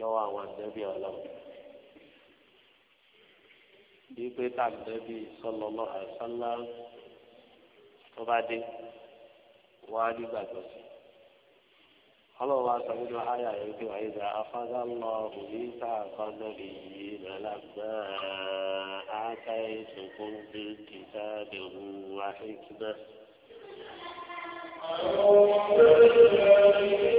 lọ́wọ́ àwọn àtẹ́bí ọlọ́run bí pé tàbí sọlọ́lọ́ àṣálá tó bá dé wọ́n á nígbàgbọ́ sí ọlọ́run wa sọ nínú àyà rẹ̀ pé wàá ìgbà afárá lọ òní sáàkọ́ lórí yìí lọ́làgbà áká ìṣòkun bí kìtà dèrò wá Àwọn ọmọ ìgbà yìí.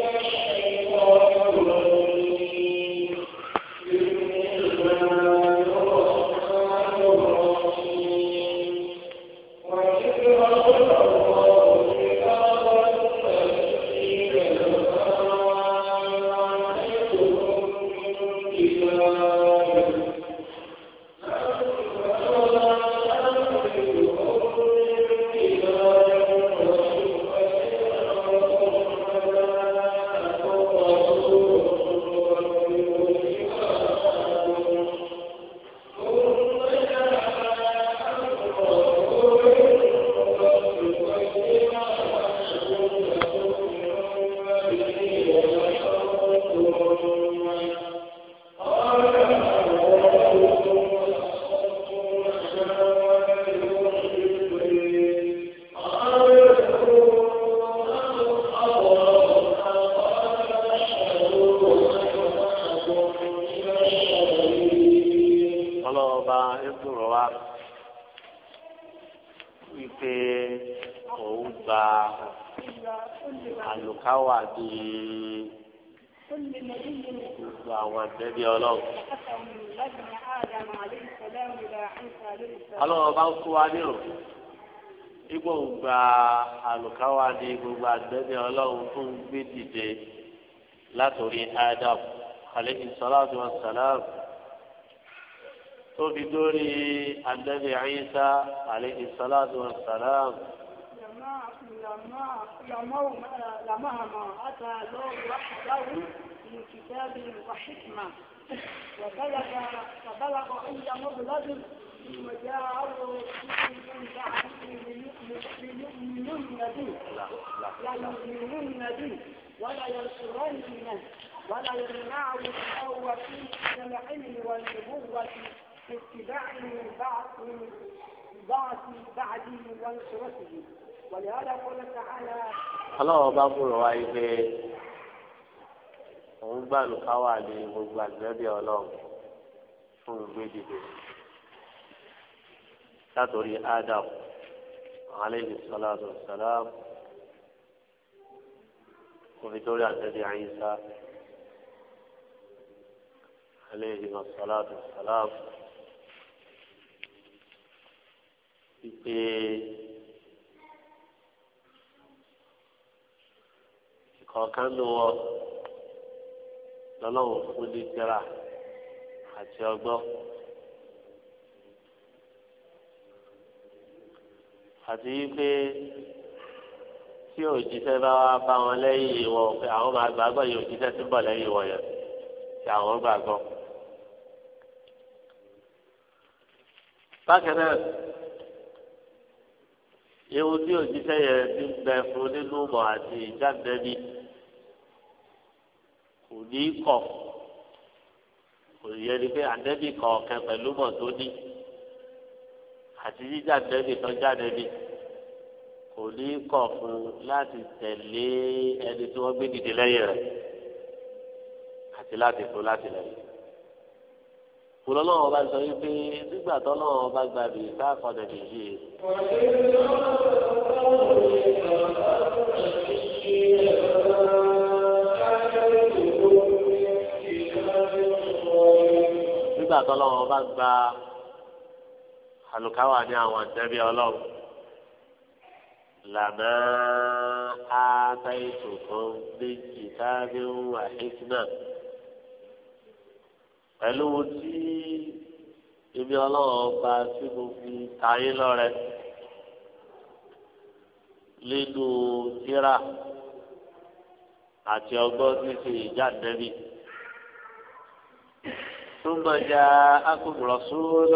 òun gba àlùkáwà di gbogbo àwọn àtẹ́bí ọlọ́run. ọlọ́run bá ń kó wa nírò igbó ń gba àlùkáwà ní gbogbo àtẹ́bí ọlọ́run tó gbé dìde látòrí Adam alayhi salatu wa salam. tó fi dórí ànábì Ìsá alayhi salatu لما لما لمهما أتى الله وحده من كتاب وحكمة وبلغ فبلغ عند مبلغ ثم جاءه من بعد ليؤمنن به ليؤمنن به ولا ينصرنه ولا يمنعه الله في العلم والنبوة باتباع من بعض من بعض بعدي ونصرته ولهذا قال تعالى الله بابور وايبه òun gbà ló ká wà ní gbogbo àgbẹ̀bí ọlọ́run fún ìgbédìde látòrí Adam alayhi salatu wa òfitórí àtẹ̀dí Isa alayhi salatu wa wípé ìkọ̀ọ̀kan ló wọ lọ́lọ́run fún ní àti ọgbọ́n. àti wípé tí òjíṣẹ́ bá wá bá wọn lẹ́yìn wọn pé àwọn máa gbàgbọ́ yìí òjíṣẹ́ tó bọ̀ lẹ́yìn wọn yẹn tí àwọn gbàgbọ́. bákan náà ewu tí òjíṣẹ́ yẹn ti ń bẹ fún nínú mọ̀ àti ìjáde kò ní kọ̀ kò yẹ ni pé ànẹ́bì kọ̀ọ̀kan pẹ̀lú mọ̀ tó ní àti jíjà ànẹ́bì tó jáde ní kò ní kọ̀ fún láti tẹ̀lé ẹni tí wọ́n gbé dìde lẹ́yìn rẹ̀ àti láti fún láti lẹ́yìn lọ́lọ́wọ́ bá sọ wípé nígbà tó lọ́wọ́ bá gba bìí ká padà bìí yìí. nígbà tó lọ́wọ́ bá gba àlùkáwà ní àwọn àtẹ́bí ọlọ́run lànà àtàìtò kan méjì ká ní wà hísínà pẹ̀lú tí ibi ọlọ́wọ́ bá tí mo fi tayé lọ́rẹ nínú tíra àti ọgbọ́n títí ìjáde ثم جاءكم رسول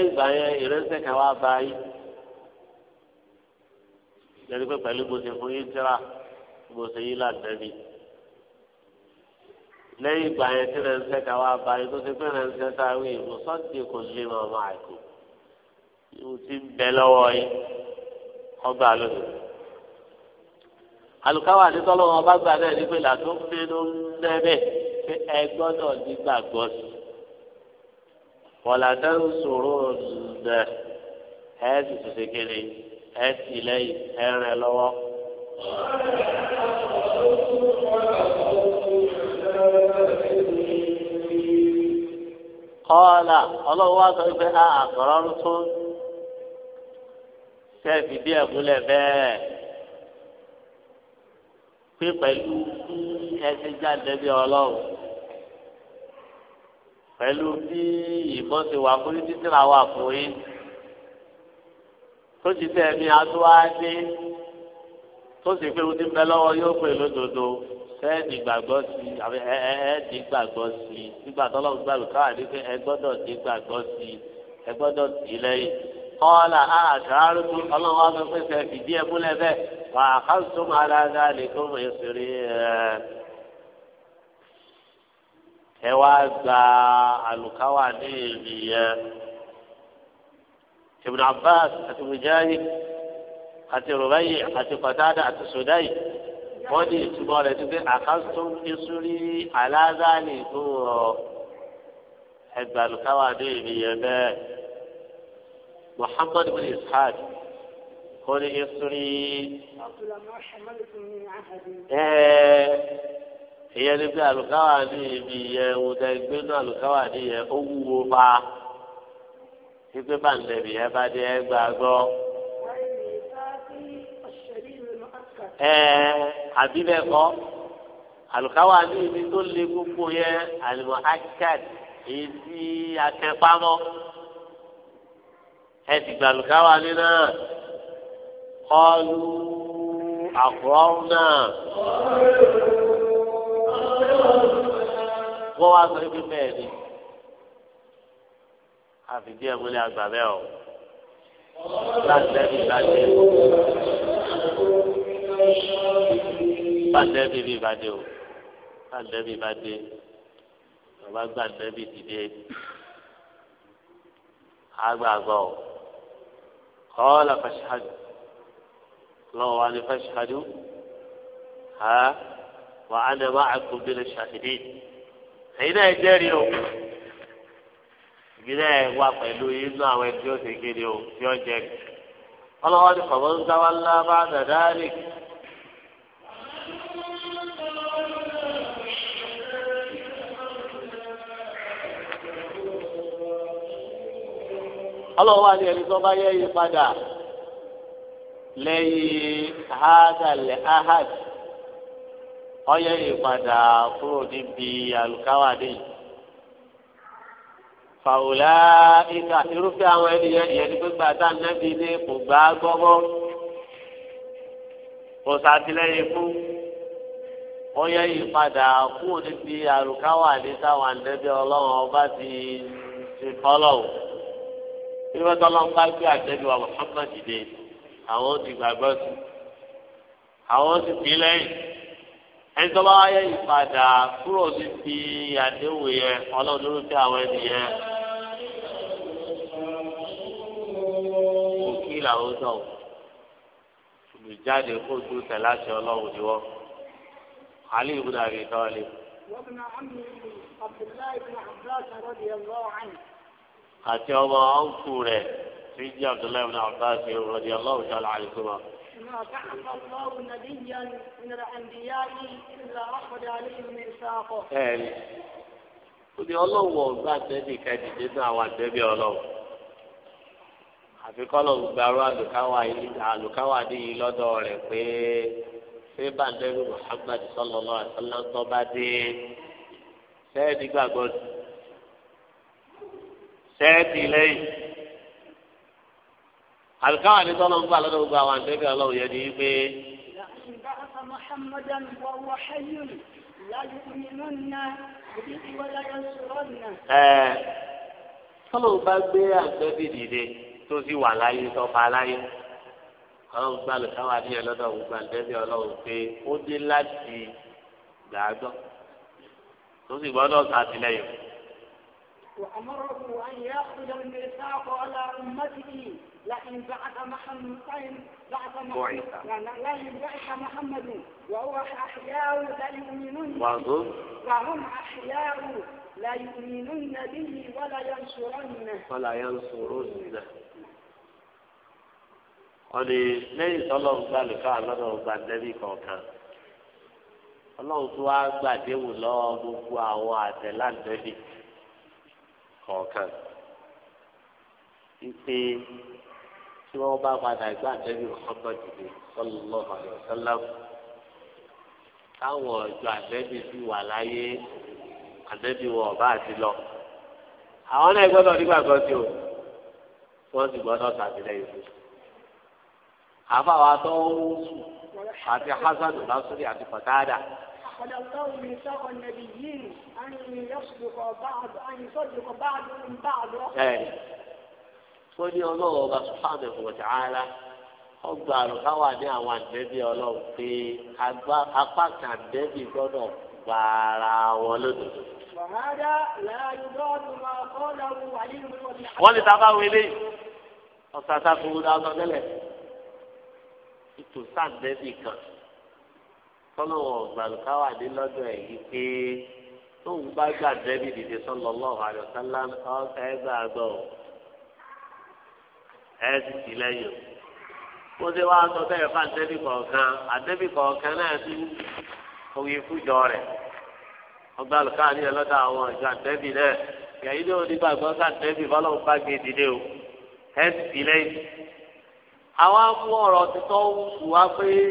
lẹ́yìn ìgbà yẹn ìrẹsẹ̀ kan wá bá yín lórí pé pẹ̀lú bó ṣe fún yín tíra bó ṣe yín làdẹ́bí lẹ́yìn ìgbà yẹn tí ìrẹsẹ̀ kan wá bá yín tó ṣe pé ìrẹsẹ̀ tá a wí ìwòsàn tí kò lè mọ̀ ọmọ àìkú ìwò tí ń bẹ lọ́wọ́ yín ọgbà lónìí alùkáwà ní tọ́lọ́wọ́n ọba gbà náà ní pé làtó ń bínú ń nẹ́bẹ̀ pé ẹ gbọ́dọ̀ nígbàgbọ́ sí wọ̀làdá ń sòro ǹdẹ̀ ẹ̀ sì tètè kéde ẹ̀ sì lẹ́yìn ẹ̀ rẹ̀ lọ́wọ́. kọ́ọ̀là ọlọ́run wá sọ pé a àkọ́rọ́ pẹ̀lú bí ìbọn ti wà fún títí ra wà fún yín tó ti tẹ̀ mí adúláyé tó sì pé odi bẹ lọ́wọ́ yóò pè lódodo sẹ́ẹ̀dì gbàgbọ́ sí àbí ẹ̀ẹ́dì gbàgbọ́ sí nígbà tó lọ́wọ́ gbàgbọ́ káwá ní pé ẹ gbọ́dọ̀ dì gbàgbọ́ sí ẹ gbọ́dọ̀ dì lẹ́yìn kọ́lá àkàrà tó ọlọ́run wá sọ múlẹ̀ bẹ́ẹ̀ wà á kà sọ́mọ́ aláǹdá lè kó mọ̀ ẹ́ sèré ẹ̀ẹ́ ẹ wá gba àlùkáwà ní èmi yẹn Ibn Abbas àti Mujahid àti Rubayi àti Qatada àti Sudayi wọ́n ní ìtumọ̀ rẹ̀ ti pé àkàtún ìsúrí aláàzáàlì fún ọ ẹgbẹ́ àlùkáwà ní èmi yẹn bẹ́ẹ̀ Muhammad bin Ishaq kò ní ìsúrí. ẹ̀ẹ́ ìyẹn ni pé àlùkáwà ní ibi ìyẹn ohun tẹ gbé ní àlùkáwà ní ìyẹn ó wúwo pa pípé bàǹdẹ̀bì yẹn bá dé ẹgbàá gbọ́. ẹ àbí bẹ́ẹ̀ kọ́ àlùkáwà ní ibi tó le gbogbo yẹn àlùmọ́ akad èyí tí akẹ́pamọ́ ẹ ti gbà àlùkáwà ní náà kọ́lu àkùrọ́ náà wọ́n wá sọ pé bẹ́ẹ̀ ni àfi díẹ̀ múlẹ̀ àgbà bẹ́ẹ̀ o bàtẹ́bí bàtẹ́ bàtẹ́bí bí bàtẹ́ o bàtẹ́bí bàtẹ́ bàbá gbà tẹ́bí dìde àgbàgbọ́ o kọ́ọ́lá fàṣíhàdù lọ́wọ́ wa ni fàṣíhàdù ha wà á nà má àkùnbí lè ṣàhìdí. èyí náà jẹ́rìí o ìgbìlẹ̀ wa pẹ̀lú inú àwọn ẹbí ó ti kéde o tí ó jẹ́ ọlọ́wọ́ ti fọwọ́ ń sáwá ńlá bá dàda rè. ọlọ́wọ́ wa ẹni tó bá yẹ yí padà lẹ́yìn ọyẹ ìpadà kúrò níbi àlùkáwàdé fàwùlà ìka irúfẹ́ àwọn ènìyàn yẹn ni pípa tá a nẹ́bi ní kò gbá gbọ́gbọ́ kò sàtìlẹ́yìn fún ọyẹ ìpadà kúrò níbi àlùkáwàdé táwọn ànẹ́bí ọlọ́run ọba ti ti fọ́lọ̀ o ìwé tọ́lọ́ ń bá gbé àtẹ́bí wa Muhammad dìde àwọn ti gbàgbọ́ sí àwọn ti fi lẹ́yìn ẹnitọ́ba ayé ìpadà kúrò níbi àdéhùn yẹn ọlọ́run ló fi àwọn ènìyàn kò kí làwọn sọ olùjáde kó tó tẹ̀lé àṣẹ ọlọ́run ni wọ́n alẹ́ ìbùdó àbí ìtọ́lẹ̀. àti ọmọ ọ̀nkù rẹ̀ tí ń jẹ́ abdullahi ibn abbas rọ̀díyàlláhu ta'ala anhuma. ما بعث الله نبيا من الأنبياء إلا أخذ عليهم ميثاقه. ó ọlọ́wọ́ ọgbà tẹ́lẹ̀ kẹ́dìdé náà wà tẹ́lẹ̀ ọlọ́wọ́ àfi kọ́lọ̀ gbàrú àlùkáwà níyì lọ́dọ̀ rẹ̀ pé ṣé bàndẹ́rù Muhammad sallallahu alaihi wasallam tó bá dé sẹ́ẹ̀dì gbàgbọ́ sẹ́ẹ̀dì lẹ́yìn. àlùkáwà ní tọ́lọ́ ń gbà lọ́dọ̀ gbogbo àwọn àǹtẹ́bí ọlọ́run yẹn ni wípé. ẹ tọ́lọ́ bá gbé àǹtẹ́bí dìde tó sì wà láyé tọ́ba láyé ọlọ́run gbà àlùkáwà ní ẹ lọ́dọ̀ gbogbo àǹtẹ́bí ọlọ́run pé ó dé láti gbàgbọ́ tó sì gbọ́dọ̀ sàtìlẹ́yìn. وأمره أن يأخذ الميثاق على أمته لئن بعث محمد بعث محمد لئن بعث محمد وهو أحياء ليؤمنن وهم وهم أحياء لا يؤمنون به ولا ينصرنه ولا ينصرنه ọ̀nì lẹ́yìn tọ́lọ́ ń gbà lùkọ́ àlọ́dọ̀ ọgbà nẹ́bí kọ̀ọ̀kan ọlọ́run tó wá gbàdéwò lọ́wọ́ gbogbo àwọn àtẹ̀lá nẹ́bí kọ̀ọ̀kan wípé tí wọ́n bá padà gbà tẹ́lẹ̀ ọ̀sọ́gbọ̀n dìde sọ́lọ́ ọ̀rẹ́ ọ̀sọ́lá táwọn ọ̀jọ́ àtẹ́bí sì wà láyé àtẹ́bí wọn ọ̀bá àti lọ. àwọn náà gbọ́dọ̀ nígbàgbọ́ sí o wọ́n sì gbọ́dọ̀ sàtìlẹ́yìn fún un. àbáwá tó ń sùn àti hasan lásìrì àti pàtàdà. أخذ الله ميثاق النبيين أن يصدق بعض أن يصدق بعض من بعض، ní ọlọ́run ọba subhanahu wa ta'ala ọgbà àlùkà wà ní àwọn àdẹ́bí ọlọ́run pé apá kan àdẹ́bí gbọ́dọ̀ gba ara wọn lódodo. wọ́n lè ta bá wọlé ọ̀sán sáfù dáná tẹ́lẹ̀ ìtòsán àdẹ́bí kan. tọ́lọ́wọ́ gbàlùkáwà dé lọ́dọ̀ ẹ̀ yìí pé tóun bá gbà dẹ́bì dìde sallallahu alaihi wasallam ọ̀ọ́ká gbà gbọ́ ọ ẹ sì lẹ́yìn o ṣe wá sọ bẹ́ẹ̀ fún àdẹ́bì kọ̀ọ̀kan àdẹ́bì kọ̀ọ̀kan náà ti òye fújọ rẹ̀ ọgbà ní ẹlọ́dọ̀ àwọn ìjọ náà yàyí ló ní gbàgbọ́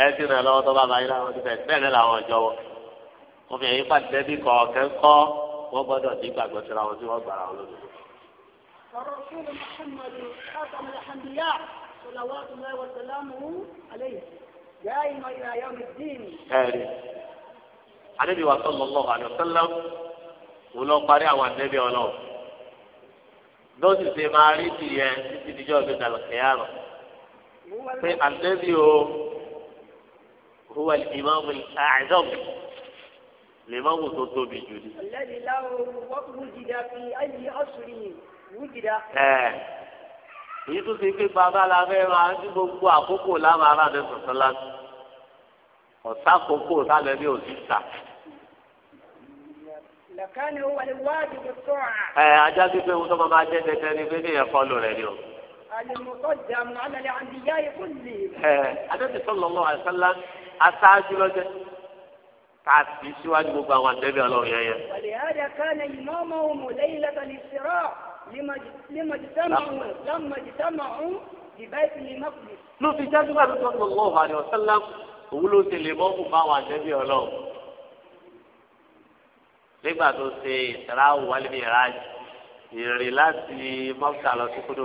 ẹ̀ẹ́dì náà lọ́wọ́ tó bá bá yín láwọn ti bẹ́ẹ̀ náà làwọn ọjọ́ wọ. wọ́n ẹ̀yìn pàdé bí kọ̀ọ̀kẹ́ kọ́ wọ́n gbọ́dọ̀ ní gbàgbọ́ sí wọn tí wọ́n gbàrà wọn lónìí. ẹ̀rí anabi wa sallallahu alayhi wa sallam wọ́n lọ parí àwọn anabi ọlọ́wọ́ lọ́sì ṣe máa rí tìyẹ títí dijọ́ gbẹdàlọ́ kẹ́yàrọ̀ pé anabi o. هو الإمام الأعظم الإمام الطبي جودي الذي له وجد في أي عصر وجد آه eh. èyí tó ṣe pé bàbá la fẹ́ máa ní gbogbo àkókò láwọn ará rẹ sọ̀tàn láti ọ̀sá àkókò sálẹ̀ ní òsì ta. ẹ eh, ajá sí pé ohun tó máa máa jẹ́ tẹ́tẹ́ ni pé kéèyàn fọ́lù rẹ̀ ni o. àlùmọ̀tò jàmù alẹ́ àǹdíyá ikú lè. ẹ adé lọ́wọ́ àìsàn aṣáájú lọ́jọ́ káàsì síwájú gbogbo àwọn àtẹ́bí ọlọ́run yẹn yẹn. ọ̀lẹ́yàdà kánà ìmọ̀ọ́mọ́ òmù lẹ́yìn lẹ́tọ̀lì sírọ̀ lẹ́mọ̀jìtámọ̀ọ́n dìbẹ́sì ní mọ́kùnrin. ló fi jáde bá tuntun tó lọ́wọ́ àdé ọ̀sánlá òun ló ṣe lè mọ́kùn bá àwọn àtẹ́bí ọlọ́run. nígbà tó ṣe ìsirá wàlẹ́ ìraj ìrìn láti mọ́kà lọ sí kódò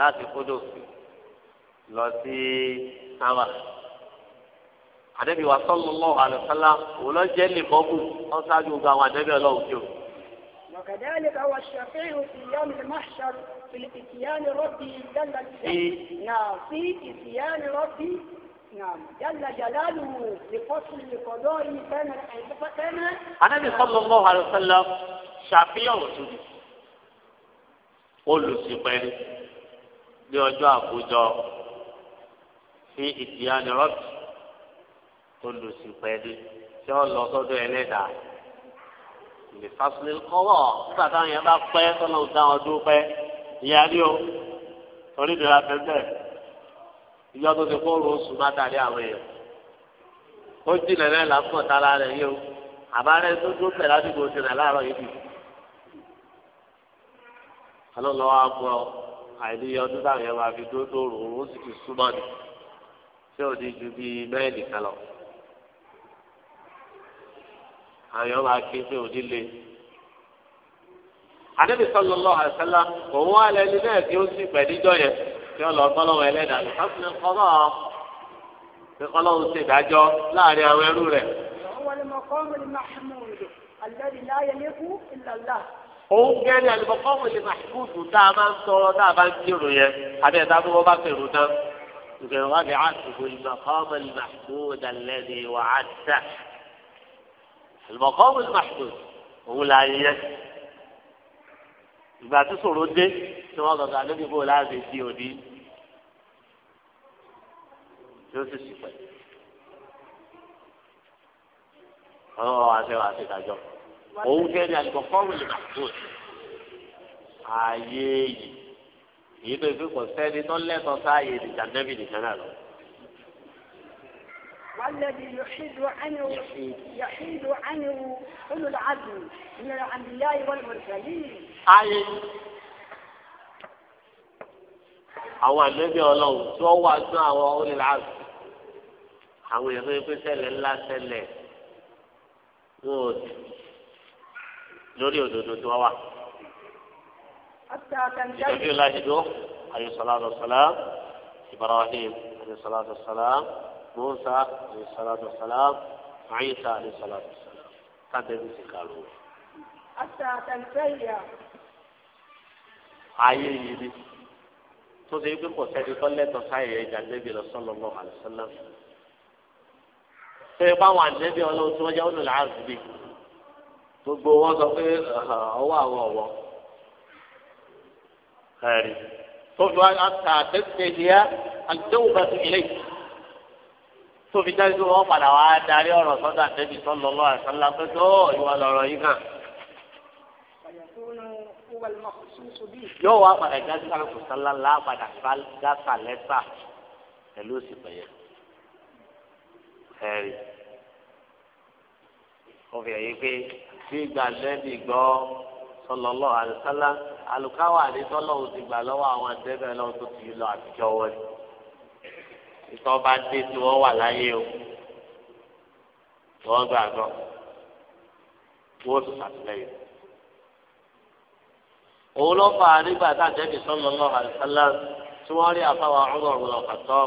láti kódò lọ sí sáwà ànábì wa sallallahu alaihi wasallam òun lọ jẹ́ lè mọ́kù wọ́n ṣáájú gbogbo àwọn ànábì ọlọ́run tí o. وكذلك هو الشفيع في يوم المحشر في اتيان ربي جل نعم في اتيان ربي نعم جل جلاله لفصل القضاء بين بين النبي صلى الله عليه وسلم شفيع òtún olùsìnpẹ́ ní ọjọ́ àkójọ fi ìtìyàn rọ́bì tó lù sí pẹ̀lú tí ó lọ sọ́dọ̀ ẹlẹ́dàá lè fásilẹ̀ kọ́wọ́ nígbà táwọn yẹn bá pẹ́ tọ́lọ́ dá wọn dúró pẹ́ ìyá rí o torí ìdíra tẹ́tẹ́ ìjọ tó ti kó ro oṣù bá tàrí àwọn èèyàn ó jìnà náà lásìkò tára rẹ̀ yìí o àbárẹ́ tó dúró pẹ̀ ládùúgbò ti rẹ̀ láàárọ̀ yìí bì alọ́lọ́wọ́ àgbọ̀ àìníyọ ọdún táwọn yẹn máa fi dúró tó rò ó ti súnmọ́ ni tí ò ju bíi mẹ́ẹ̀lì kan lọ àyàn máa ké pé òdí le. Ànábì sallallahu alaihi wasallam òun wà lẹni náà tí ó sì pẹ̀ níjọ́ yẹn tí ó lọ gbọ́lọ́wọ́ ẹlẹ́dàá lọ fún mi kọ́ náà pé kọ́lọ́hún ṣe ìdájọ́ láàrin àwọn ẹrú rẹ̀. òun gẹ́ ni àlùbọ̀kọ́ wò lè màṣíkùdù tá a máa ń sọ̀rọ̀ tá a bá ń kírun yẹn àbí ẹ̀dá tó wọ́n bá fèrò tán. ìgbẹ̀rún wa ni àtùkù ìgbà kọ́ àlùmọ̀kọ́mù mahmud òun là ń yẹ ìgbà tó sòro dé tí wọ́n gbàgbà lóbi bò láàbì di òní yóò sì sì pẹ̀. ọlọ́wọ́ wa ṣe wàá ṣe dájọ́ òun kẹ́ ni àlùmọ̀kọ́mù mahmud ààyè yìí èyí tó fi kọ̀ sẹ́ni tó lẹ́tọ̀ọ́ sáàyè nìkan nẹ́bì nìkan náà lọ. والذي يحيد عنه يحيد عنه كل العزم من الأنبياء والمرسلين آية àwọn ànábì Ọlọ́run tí wọn wà sún àwọn olùlàásù àwọn èèyàn tó ń pèsè ẹlẹ ńlá ṣẹlẹ̀ wọn ò sí lórí òdodo tí wọn wà. ìtọ́jú ìlàjì tó àyùsọ̀lá àdọ̀sọ̀lá Ibrahim àyùsọ̀lá àdọ̀sọ̀lá. موسى عليه الصلاة والسلام عيسى عليه الصلاة والسلام قد يمسكوا حتى تنتهي ayé yìí ni tó ṣe pé kò sẹ́ni tó lẹ́tọ̀ọ́ sáyẹ̀ ẹ̀jà lẹ́bi lọ sallallahu alaihi wasallam. ṣé báwọn àdébí ọlọ́run tí wọ́n jẹ́ ọ̀nà làásù bíi gbogbo wọn sọ pé ọwọ́ àwọn ọ̀wọ́ ẹ̀rí tó fi wá àtàtẹ́sẹ̀ yẹ àdéhùn bá ti ilé yìí tó fi jáde tó wọ́n padà wá darí ọ̀rọ̀ sọ́dọ̀ àtẹ́bí sọ́lọ́ lọ́wọ́ àṣálá pé tó ìwà lọ́rọ̀ yìí kàn. yóò wá padà jáde sáàkù sálá ńlá padà gásà lẹ́sà pẹ̀lú òsì pẹ̀yẹ. ẹ̀rí wọ́n fi ẹ̀yìn pé bí ìgbà lẹ́bi gbọ́ sọ́lọ́ lọ́wọ́ àṣálá àlùkáwà àdétọ́lọ́wọ́ ti gbà lọ́wọ́ àwọn àtẹ́bẹ̀ lọ́wọ́ tó ti lọ àtijọ́ wọ́n ìtọ́ bá dé tí wọ́n wà láyé o wọ́n gbà gbọ́ wọ́n tún sàtìlẹ́yìn. òun ló fà á nígbà tá àjẹbí sọ́nà náà àlùfáàlà tí wọ́n rí àfáwà ọ̀rọ̀ ọ̀rọ̀ kàtọ́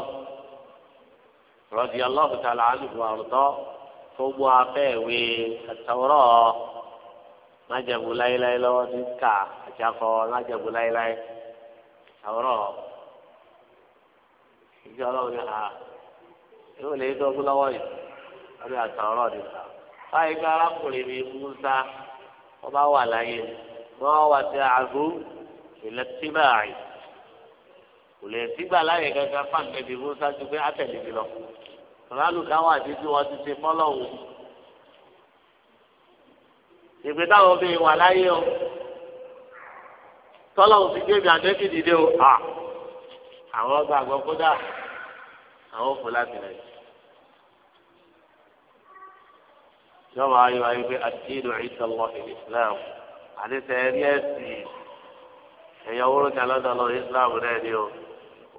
rọ̀dì ọlọ́ọ̀fù tà láàánú àrùtọ́ tó gbọ́ afẹ́ ìwé àtàwọ̀rọ̀ májẹ̀bù láéláé lọ́wọ́ ní ká àjàkọ́ májẹ̀bù láéláé àwọ̀rọ̀ ìjọ ọlọ́run ní ha yóò lè dọ́gbọ́n lọ́wọ́ yìí lórí àtàwọn ọ̀dì ta báyìí pé arákùnrin mi Musa wọ́n bá wà láyé wọ́n wà sí àgó ìlẹ́tìmọ̀ àyè kò lè sígbà láyè kankan fáńtẹ̀bí Musa ju pé átẹ̀lé mi lọ ràlùkà wà títí wọn ti ṣe mọ́lọ́hùn ìpè táwọn obìnrin wà láyé o tọ́lọ́hùn fi gbé mi àdékì o. Ah àwọn ọgbà àgbọ̀ kódà àwọn òfò láti rẹ̀. yọ̀wọ̀ ayé wa yìí pé àdínú ìtọ́lọ́ ìsìlám àdìsẹ́ ẹ̀rí ẹ̀sìn ẹ̀yàn wúrú kan lọ́dọ̀ lọ ìsìlám rẹ̀ ni o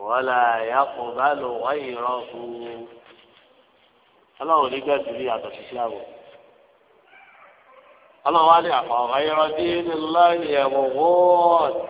wọ́lá yàkùn bá lò wáyé rọ́ọ̀kù ọlọ́run nígbà tí ní àtọ̀ sí islam ọlọ́run wá ní àpò ọ̀gáyọ̀rọ̀ dín ní láyé ẹ̀wọ̀n wọ́ọ̀dù.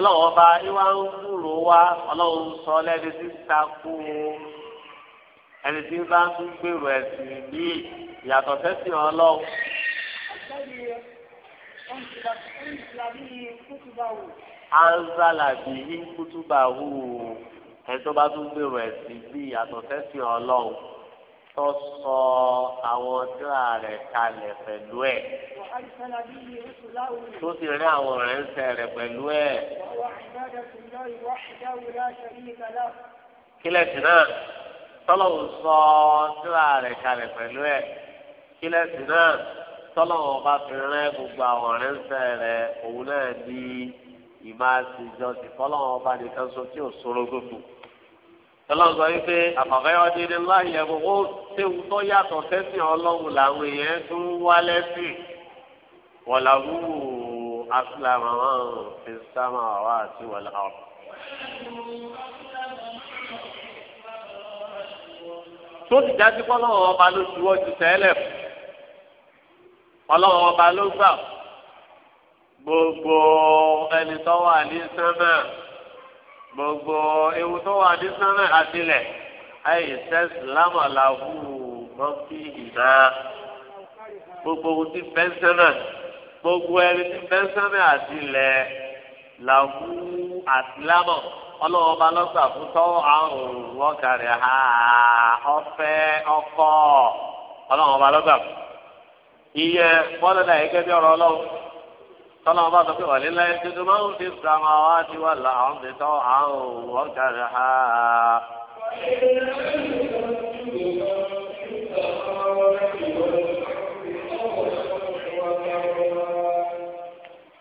ọlọ́run ọba ìwà ń kúrò wá ọlọ́run sọ lẹ́ni tí ń takú ẹni tí ń bá ń gbèrò ẹ̀sìn ní ìyàtọ̀ sẹ́sìn ọlọ́run. anzalabi ń ẹni tó bá tún gbèrò ẹ̀sìn ní ìyàtọ̀ sẹ́sìn ọlọ́run tó sọ àwọn tíra rẹ̀ kalẹ̀ pẹ̀lú ẹ̀ tó sì rí àwọn ránṣẹ́ rẹ̀ pẹ̀lú ẹ̀. kílẹ̀sì náà tọ́lọ́hùn sọ tíra rẹ̀ kalẹ̀ pẹ̀lú ẹ̀ kílẹ̀sì náà tọ́lọ́hùn bá fi rán gbogbo àwọn ránṣẹ́ rẹ̀ òun náà di ìmáàsìjọ́ ti fọ́lọ́hùn bá nìkan so tí ò sóró gbogbo tọ́lọ́n sọ wípé àfàfẹ́ ọdún ilé ńlá yẹn gbogbo séwu tó yàtọ̀ sẹ́sìn ọlọ́run làwọn èèyàn tún wá lẹ́sìn wọ̀làwù asìlámù wọn fi sámà wá àti wọ̀làwù. tó ti dájú pé ọlọ́run ọba ló ju ọjọ́ tẹ́lẹ̀ ọlọ́run ọba ló gbà gbogbo ẹni tó wà ní sẹ́mẹ̀ gbogbo ewu tó wà ní sánmà àtìlẹ̀ ayé sẹ́sì lámà làwù mọ́fì ìná gbogbo ohun tí bẹ́ńsánmà gbogbo ẹni tí bẹ́ńsánmà àtìlẹ̀ làwù àtìlámà ọlọ́wọ́ bá lọ́sà fún tọ́wọ́ àrùn wọ́kàrẹ̀ ha ọ̀fẹ́ ọkọ̀ ọlọ́wọ́ bá lọ́sà fún iye bọ́lá yẹ kẹ́bí ọ̀rọ̀ ọlọ́wọ́ tọ́lá ọba sọ pé wà nílá ẹ tuntun máa ń fi sàmà wá sí wà láwọn ti tọ́ àwọn òwò kàrẹ́ ha.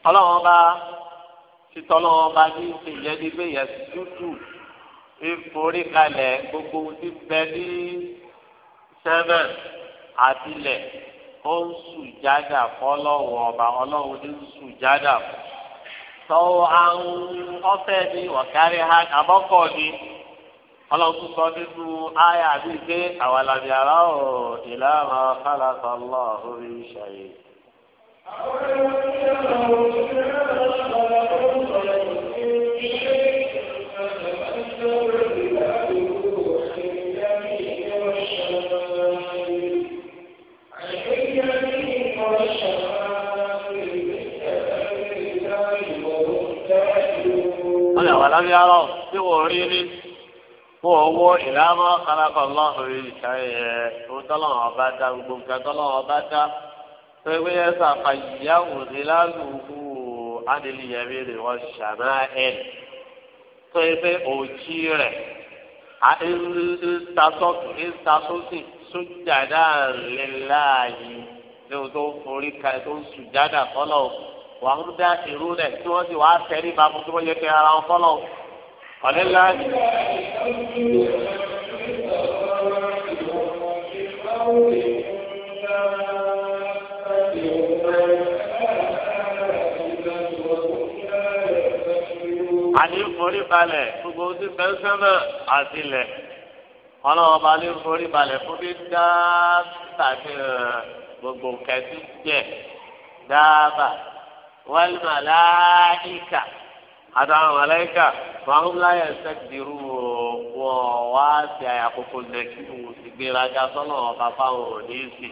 ọlọ́wọ́n ọba títọ́ ọlọ́wọ́n ọba ní ìṣe yẹn ní pé yẹn dúdú ìforí kalẹ̀ gbogbo ti bẹ ní sẹ́mẹ̀ àtilẹ̀. ó ń sùjádà fọlọ́wọ́ ọba ọlọ́run ní sùjádà tọ́wọ́ àwọn ọ̀fẹ́ ni wọ̀kárí ha àbọ́kọ̀ ni ọlọ́run sọ nínú ayé àbí pé àwọn àlàbí ara ò ìlànà kálàkà lọ́ọ̀rù ìṣẹ̀yìn. àwọn ènìyàn ṣe é lọ́wọ́. lábẹ́ ara ọ̀ tí wọ́n rí ní kó owó ìlànà kálákọ̀ lọ́hùn rí ìṣàyẹ̀ ẹ̀ ohun tọ́lọ́wọ́ ọba dá gbogbo nǹkan tọ́lọ́wọ́ ọba dá pé pé ẹ sàfàyàwò ní lálùkù ánìlíyẹmí ni wọ́n ṣàmá ẹ̀ tó yẹ pé òjì rẹ̀ à ń ta sójà náà lè láàyè ní o tó forí ka tó sùjádà kọ́lọ́ọ̀ wà ń dá ìrú rẹ̀ tí wọ́n sì wá sẹ́rí bá fún tí wọ́n yẹ kí ara wọn fọ́lọ́ ọ̀lẹ́lá. àní forí balẹ̀ gbogbo tí fẹ́sẹ̀ náà àti ilẹ̀ ọlọ́wọ́ bá ní forí balẹ̀ fún bí dáàbà eh, gbogbo kẹtí jẹ dáàbà wal malaika àtàwọn malaika fàáhùn láyà sẹ́kìdìrú wọ́n wá sí àyàkókò lẹ́kì wò sí gbéraga sọ́nà ọba fáwọn òní sí.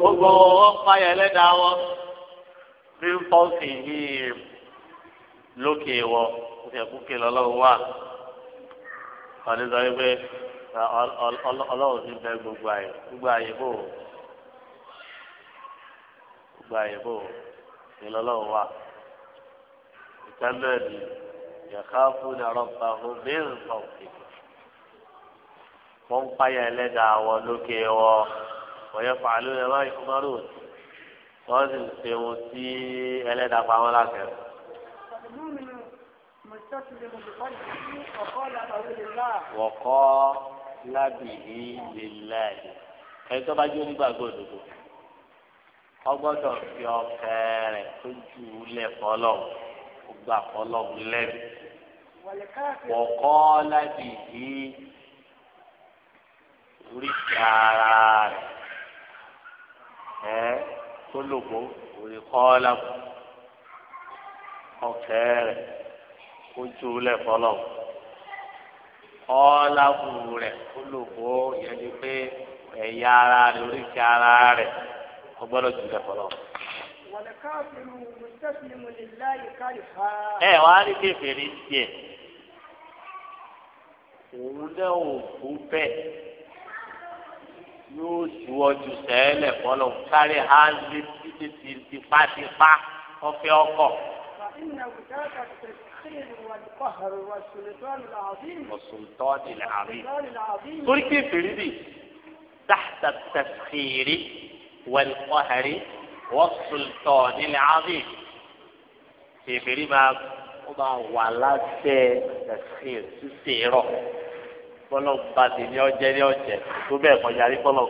gbogbo wọn fàyà ẹlẹ́dàá bí ń pọ́ sí yìí lókè wọn ó fi ẹ̀kú kí lọ́lọ́run wà. wọ́n ti ọlọ́run ti bẹ gbogbo àyè gbogbo àyè bò ó gbogbo àyè bò ó ìlọlọ́run wà ìtẹ́lẹ̀ ni yàtọ̀ fún ọ̀rọ̀pá fún bẹ́ẹ̀rù pọ̀kì wọ́n ń payà ẹlẹ́dàá wọn lókè wọn wọ́n yẹ fàálù ẹ̀ máa yọ̀ mọ́rù wọ́n sì ń ṣe ohun tí ẹlẹ́dàá pa wọ́n láti ẹ̀. وقال lábìlì lélẹ́ẹ̀dì ẹni tó bá jẹ́ onígbàgbọ́ òdodo ọgbọ́dọ̀ fi ọkẹ́ rẹ̀ tó ju lẹ̀ fọlọ́ gbà fọlọ́ lẹ́nu wọ̀kọ́ lábìlì orí ara rẹ̀ ẹ́ tó lògbó orí kọ́ lábìlì ọkẹ́ rẹ̀ tó ju lẹ̀ fọlọ́ ọ̀làbù rẹ̀ olùkó yẹn ni pé ẹ̀yà ara rẹ̀ oríṣi ara rẹ̀ ọgbọ́dọ̀ jùlọ fọlọ́. ẹ wàá rí kèfèrí tiẹ̀ òun náà ò kú bẹ́ẹ̀ yóò ṣíwọ́jú sẹ́ẹ̀lẹ̀ fọlọ́ kárí hánzí títí tipátipá ọ̀fẹ́ ọkọ̀. القهر والسلطان العظيم والسلطان العظيم تركي فريدي تحت التسخير والقهر والسلطان العظيم في فريدي ما ولا تسخير سيرو bọ́lọ̀ bá ti ní ọjẹ́ ní ọjẹ́ tó bẹ́ẹ̀ kọ́ yarí bọ́lọ̀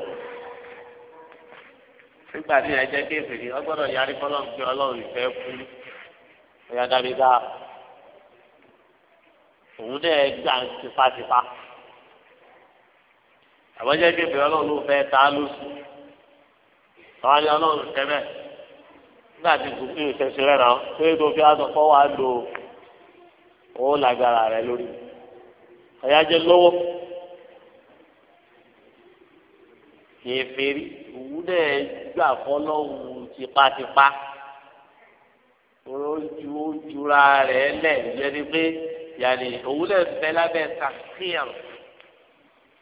nígbà tí ẹ̀jẹ̀ kéfìrí ọgbọ́dọ̀ yarí bọ́lọ̀ gbé ọlọ́run ìfẹ́ kú ọ̀yàdàbí dáa òun náà gbà tipátipá àbọ̀jẹ́ kébè ọlọ́run fẹ́ ta lóṣù àwọn ni ọlọ́run tẹ́lẹ̀ nígbà tí gòkè ìṣẹ̀ṣẹ̀ rẹ̀ náà pé tó fi aṣọ kọ́ wa lò ó lágbára rẹ̀ lórí ọ̀yájẹ́ lọ́wọ́ kìí fèrí òun náà gbà fọlọ́hùn tipátipá ojú ojúra rẹ̀ lẹ̀ yẹni pé yàní òwúlẹ̀ bẹ lábẹ́ takíyàn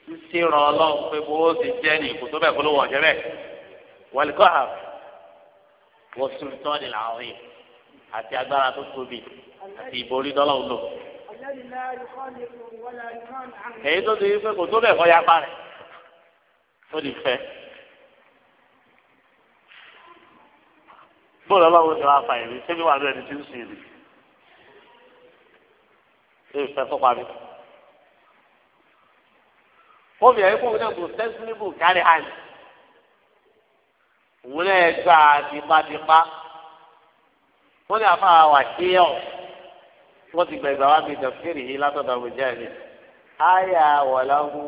sísí ràn ọlọ́run pé bó ti jẹ́ ní ìkùtò bẹ́ẹ̀ kó ló wọ̀ jẹ́ bẹ́ẹ̀ wọlékọ́ hà wọ́n sùn tán ní làwọn yìí àti agbára tó tóbi àti ìborí dọ́lọ́run lò. èyí tó ti pé kò tó bẹ́ẹ̀ kọ́ yapa rẹ̀ ó lè fẹ́. bóòlù ọlọ́run ti wá fa ìrìn ṣé bí wàá lóyún ti ń sìn ìrìn ìfẹ́ tó parí. Fọ́ọ̀mù yẹn kò wọlé kò sẹ́sìlíbù kárí hàn. Wọlé gbà tipátipá. Wọ́n ní àfa wà kíyọ̀. Wọ́n ti gbẹ̀gbẹ̀ wá bí dọ̀kítírì yìí látọ̀dọ̀ àbújá ẹ̀mí. Àyà wọ̀láhù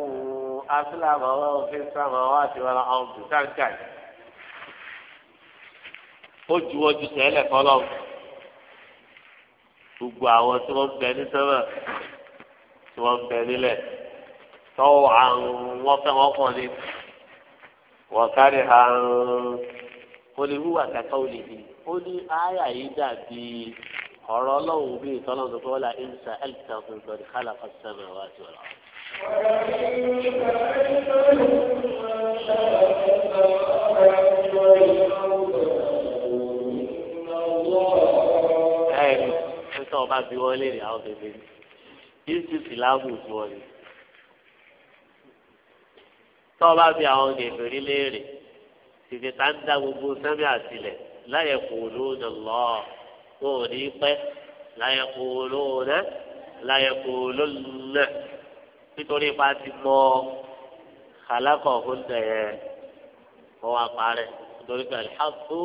afúlàmọ̀ fi sàmọ̀ wá ti wọ́n ọ̀hún tó sáǹkà. Ó ju ojú tẹ́lẹ̀ fọlọ́ọ̀ gbogbo àwọn tí wọ́n bẹ ní sọ́mọ̀ tí wọ́n bẹ nílẹ̀ tọ́wọ́ àrùn wọ́n fẹ́ wọ́n kàn ní wọ́n kárí àrùn olùwíwà kàkà olè yìí ó ní àyà yìí dàbí ọ̀rọ̀ ọlọ́run bíi tọ́lọ́run tó kọ́lá ẹ̀ńsà ẹ̀ńsà fún ìgbọ̀dì kálá fásitì wa ti wà. tó o bá fi wọlé rè àwọn bèbè ni yíṣu sìláàbù ju ọ ni tó o bá fi àwọn bèbè rí léèrè tètè tá ń dá gbogbo sẹ́mi àtìlẹ̀ láyẹ̀ kò lóòdà lọ kò ní pẹ́ láyẹ̀ kò lóòdà láyẹ̀ kò lóòdà nítorí ipa ti mọ kàlákọ̀ ọ̀húndà yẹn wọ́n wá nítorí pé alḥàfù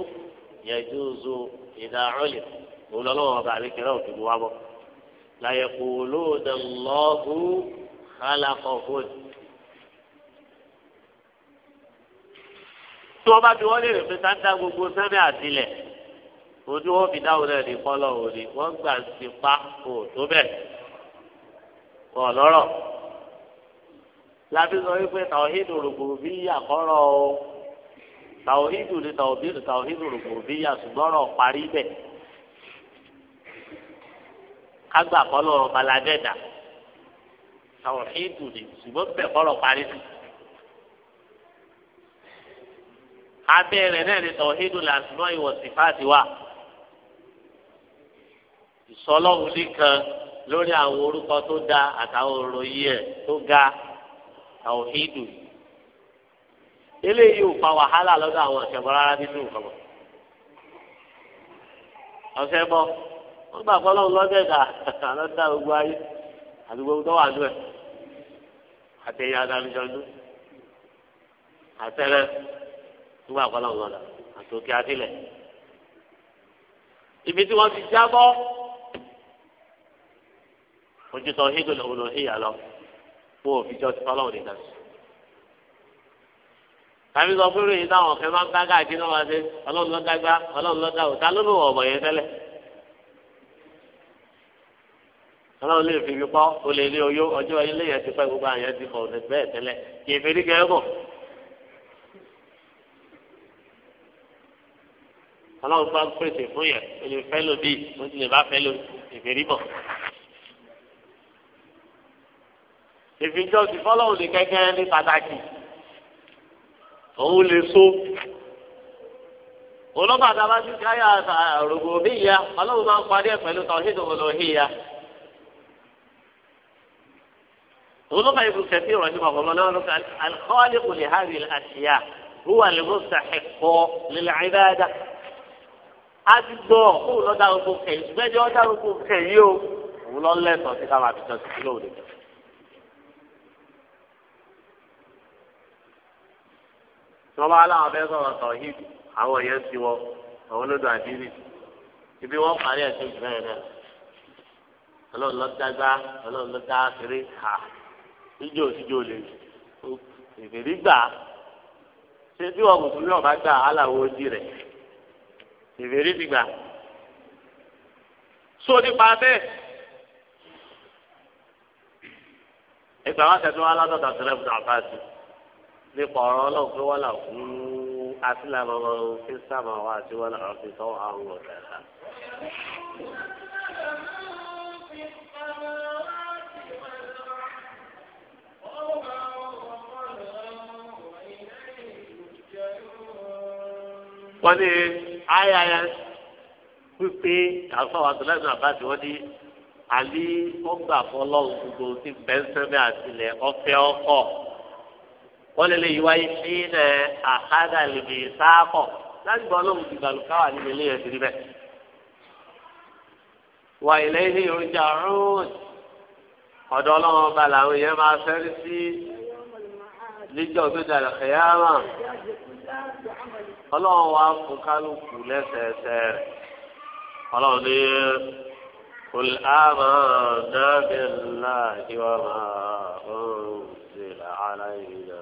yẹ jùzù ìdá ọ̀lẹ̀ òun lọ́wọ́ ọba àlékèrè òfin wa bọ̀ láyé kò lóde lọ́hù alákọ̀ọ́fọ́n. tí wọ́n bá fi wọ́n lè rè pé sáńtà gbogbo sẹ́mi àtìlẹ̀ ojú wọn fi dáhùn náà ní kọ́lọ̀ òní wọ́n gbà ń ti kò tó bẹ́ẹ̀ kọ̀ lọ́rọ̀ láti sọ wípé tàwíìdù rògbòbíyà kọ́rọ̀ o tàwíìdù ni tàwíìdù rògbòbíyà ṣùgbọ́n ọ̀rọ̀ parí bẹ́ẹ̀ kágbà kọlọ baladẹdà àwọn hídù ni ṣùgbọ́n bẹ́ẹ̀ kọlọ parí sí. abẹ́rẹ́ náà ni tọ̀hídù làtúmọ̀ ìwọ̀sífàtì wà ìsọlọ́hùn nìkan lórí àwọn orúkọ tó dáa àtàwọn òròyìn ẹ̀ tó ga tọ̀hídù eléyìí ò fa wàhálà lọ́dọ̀ àwọn ọ̀sẹ̀ bọ́ rárá nínú ìkọ̀mọ̀ ọ̀sẹ̀ bọ́. wọ́n gbà kọ́ lọ́wọ́ lọ́dẹ̀dà lọ́dà gbogbo ayé àti gbogbo tó ẹ̀ àtẹ̀yìn adámíjọ́dún àtẹ̀rẹ́ wọ́n gbà kọ́ lọ́dà àtòkè àtìlẹ̀ ibi tí wọ́n ti jábọ́ ojú tó hídùn lòun híyà lọ fún òfìjọ́ ti nìkan tàbí sọ fún táwọn ọ̀fẹ́ máa ń gbá káàkiri náà wá sí ọlọ́run gbá ọlọ́run òtá ló wọ̀ ọ̀bọ̀ yẹn ọlọ́run lè fi wípọ́ o lè lé oyó ọjọ́ ilé yẹn ti pẹ́ gbogbo àyàn ti fọ̀ ọ̀dẹ̀ bẹ́ẹ̀ tẹ́lẹ̀ kì í feri kẹ́ bọ̀. ọlọ́run bá pèsè fún yẹn o lè fẹ́ lòdì o ti lè bá fẹ́ lòdì ìfèrí bọ̀. ìfijọ́ ti fọ́lọ́run lè kẹ́kẹ́ ní pàtàkì òun lè so olóbàdàn bá ti káyà àrògbò bí ìyá ọlọ́run máa ń parí ẹ̀ pẹ̀lú tọ́hídùn olóhìyà. ولما ابن كثير رحمه الله لو الخالق لهذه الاشياء هو المستحق للعباده àdìgbò kó lọ dá gbogbo kẹ ìgbẹ́jọ́ dá gbogbo kẹ yìí o òun lọ lẹ́tọ̀ọ́ sí káwọn àbíjọ sí kí lóòrè. wọ́n bá láwọn fẹ́ sọ̀rọ̀ sọ̀rọ̀ yìí àwọn yẹn ti wọ àwọn olódò àdìrí ibi wọ́n parí ẹ̀ tó jù bẹ́ẹ̀ náà ọlọ́run ló dágbá ọlọ́run ló dá kiri ha ijó síjó lè ìfèrí gbà ṣé bí wọn mùsùlùmí ọba gbà aláwọ ojú rẹ ìfèrí ti gbà só nípa bẹ́ẹ̀ ìgbà wọn tẹsán wọn aládọta sílẹ̀ fún àbáṣe nípa ọ̀rọ̀ Ọlọ́run pé wọn là fún asílámọ ọmọ òfin sábà wà sí wọn là wọn fi sọ àwọn ọ̀daràn. wọ́n ní ayaya pípé àlùfáà wa sọlá ìdúrà bá ti wọ́n ní àlí ọgbà fọlọ́ọ̀ gbogbo ti bẹ́ńsẹ́mẹ́ àtìlẹ̀ ọ̀fẹ́ ọkọ̀ wọ́n lè lè yíwáyé sí ní àkádà lèmi sáàkọ̀ láti gbọ́ ọlọ́run ti gbàlùkà wà nínú ilé yẹn ti rí bẹ́ẹ̀. ilé ní ìròjà ọ̀dọ̀ ọlọ́run ọba làwọn èèyàn máa fẹ́rí sí níjọ́ gbẹ́dà lọ́kẹ́yàmà ọlọ́run wa fún kálukú lẹ́sẹẹsẹ rẹ̀ ọlọ́run ní kul amanna billahi wa ma unzila alayna.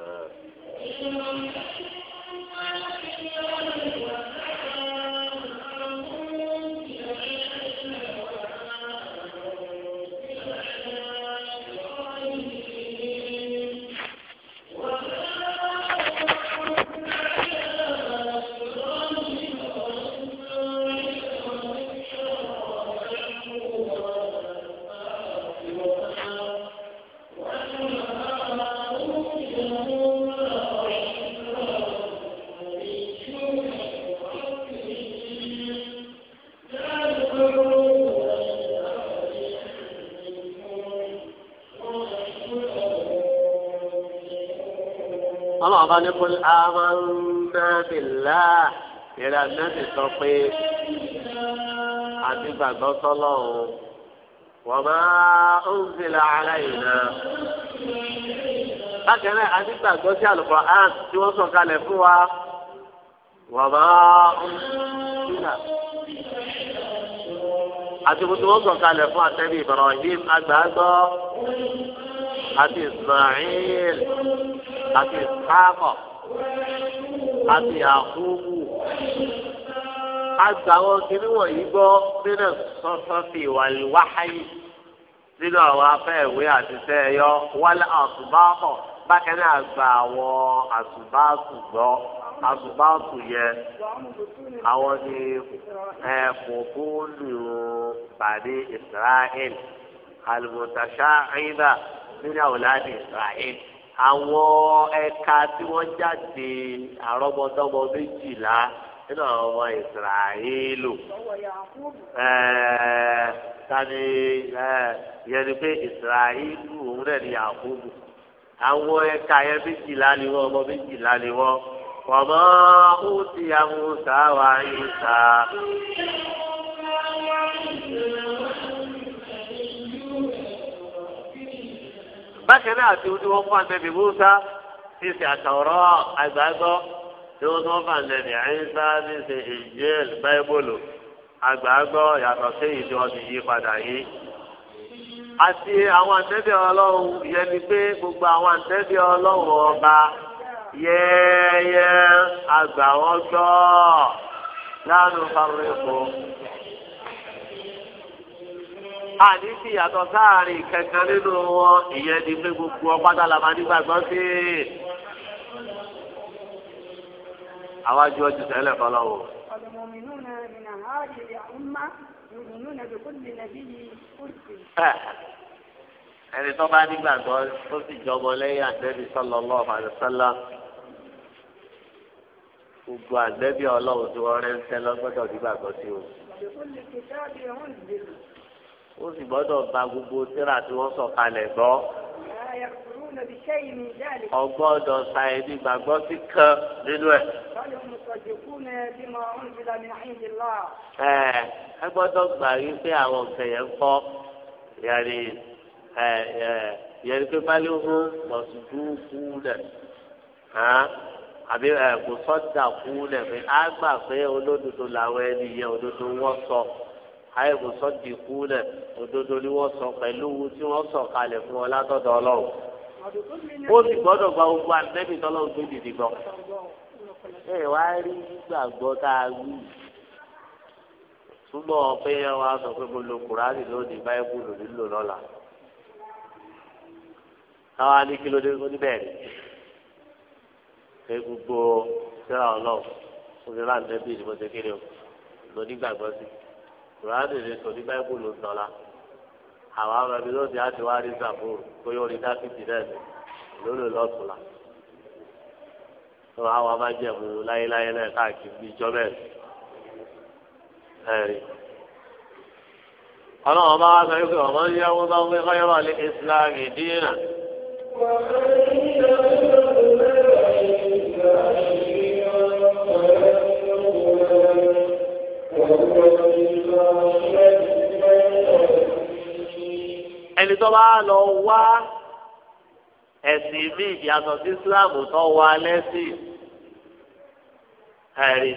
ọlọ́wọ́ bá ní kul amanna billah ìrẹ́ àdínẹ́sì sọ pé àti gbàgbọ́ sọ́lọ́run wọ́n máa ń zìlà ara ìná. bákan náà àti gbàgbọ́ sí Al-Qur'an tí wọ́n sọ kalẹ̀ fún wa wọ́n máa ń zìlà àti kò tí wọ́n sọ kalẹ̀ fún àtẹ́bí Ibrahim agbàgbọ́ àti Ismail àti ìsáàmọ̀ àti àhúhù àgbà àwọn kìnnì wọ̀nyí gbọ́ nínú sọ́sọ́fì wàlúwáháyì nínú àwọn afẹ́ ìwé àtisẹ́ ẹ̀yọ wálé àtúbáàbọ̀ bákan náà àgbà àwọn yẹ àwọn ni ẹ̀ fòfúlù bàdé Israel alimutasha ayinba nínú àwọn láti Israel àwọn ẹ̀ka tí wọ́n jáde àrọ́mọdọ́mọ méjìlá nínú àwọn ọmọ ìsirahílù tani yẹn ni pé ìsirahílù òun náà ni Yakubu àwọn ẹ̀ka yẹn méjìlá ni wọ́n ọmọ méjìlá ni wọ́n ọmọ ó ti àwọn sáwà yìí sá. bákan náà àti ohun tí wọ́n fún àtẹ̀bí musa ti ṣe àtàwọ̀rọ̀ àgbàgbọ́ tí wọ́n tún fún àtẹ̀bí àyínsá ti ṣe ìjẹ́l báíbólù àgbàgbọ́ yàtọ̀ sí ìdí wọn ti padà yìí. àti àwọn àtẹ̀bí ọlọ́run yẹn pé gbogbo àwọn àtẹ̀bí ọlọ́run ọba yẹ́ẹ́yẹ́ àgbà wọn gbọ́ láàánú fáwọn àní sí ìyàtọ̀ sáàrin kankan nínú wọn ìyẹn ni pé gbogbo ọpá dàlà máa nígbàgbọ́ sí i. àwa ju ọjọ́ tẹ́lẹ̀ fọlọ́ o. ẹni tó bá nígbàgbọ́ tó sì jọmọ lẹ́yìn àtẹ́bí sallallahu alaihi wasallam gbogbo àgbẹ̀bí ọlọ́run tí wọ́n rẹ́ ń tẹ́ lọ́gbọ́dọ̀ nígbàgbọ́ sí o ó sì gbọ́dọ̀ ba gbogbo tírà tí wọ́n sọ kalẹ̀ gbọ́. ọgbọ́dọ̀ sa ẹni gbàgbọ́ sí kan nínú ẹ̀. ẹ ẹ gbọ́dọ̀ gbà yín pé àwọn ọ̀sẹ̀ yẹn ń kọ́ yàrá ẹ ẹ yẹn pé pálí ó hó lọ́sùdúkú rẹ̀ àbí ẹ kò sọ́jà kú rẹ̀ pé á gbà pé olódodo làwọn ẹni yẹn olódodo wọ́n sọ. So àìbùsọ̀ dìkú náà òdodo ni wọ́n sọ pẹ̀lú ohun tí wọ́n sọ kalẹ̀ fún ọ látọ̀dọ̀ ọlọ́run ó sì gbọ́dọ̀ gba gbogbo àtẹ́bí tọ́lọ́run tó dìde gbọ́. ẹ wá rí gbàgbọ́ tá a wí túbọ̀ pé wàá sọ pé mo lo kùránì lónìí báíbùlù nílò lọ́la táwa ní kí ló dé ó ní bẹ́ẹ̀ pé gbogbo síra ọlọ́run òṣèlú àtẹ́bí ni mo ti kéde o lónígbàgbọ́ sí i. kùránì lè sọ ní awa sọlá àwọn ọmọ ẹbí lóde àti wá rí sàbúrò tó yọ orí dákìtì náà ni lórí lọ́sùlà tó àwọn amájẹ̀mú láyéláyé náà káàkiri bíi jọ́bẹ̀rì ẹ̀rí. ọlọ́run bá wá sọ wípé ọmọ yẹn wọ́n ẹni tó bá lọ wá ẹ̀sìn míì yàtọ̀ sí Ìsìláàmù tó wá lẹ́sìn ẹ̀rí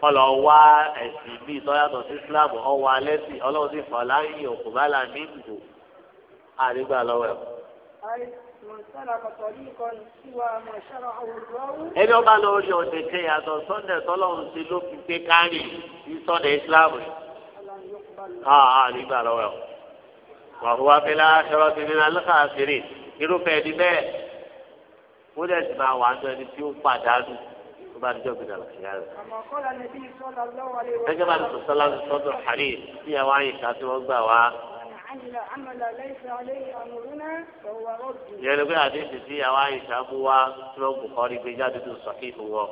kọlọ wá ẹ̀sìn míì tó yàtọ̀ sí Ìsìláàmù ó wá lẹ́sìn ọlọ́run sì fọ̀ láyìn òkú bá là mí gbò àdígbà lọ́wọ́ ẹ̀ ẹni ọba lọ rí ọ̀dẹ̀kẹ́ yàtọ̀ sọ́ndẹ̀ tọ́lọ́run sí ló fi gbé kárì sí sọ́ndẹ̀ Ìsìláàmù yìí àà nígbà lọ́wọ́ ẹ̀ wàhùwà bílá ṣọlá ti ní alẹ́kà àṣírí irúfẹ́ ẹni bẹ́ẹ̀ wọ́n dẹ̀ sì máa wà nínú ẹni tí ó pàdánù tó bá dijọ́ gbé dàlọ́ ìyá rẹ̀. ẹgbẹ́ bá ti sọ sọ́lá ti sọ́dọ̀ àrí tí ẹ wá yìí ká tí wọ́n gbà wá. ìyẹn ló pé àdéhùn tí àwa àyíṣà mú wá tí wọ́n bù kọ́rí gbé jáde tó sọ̀kì fún wọn.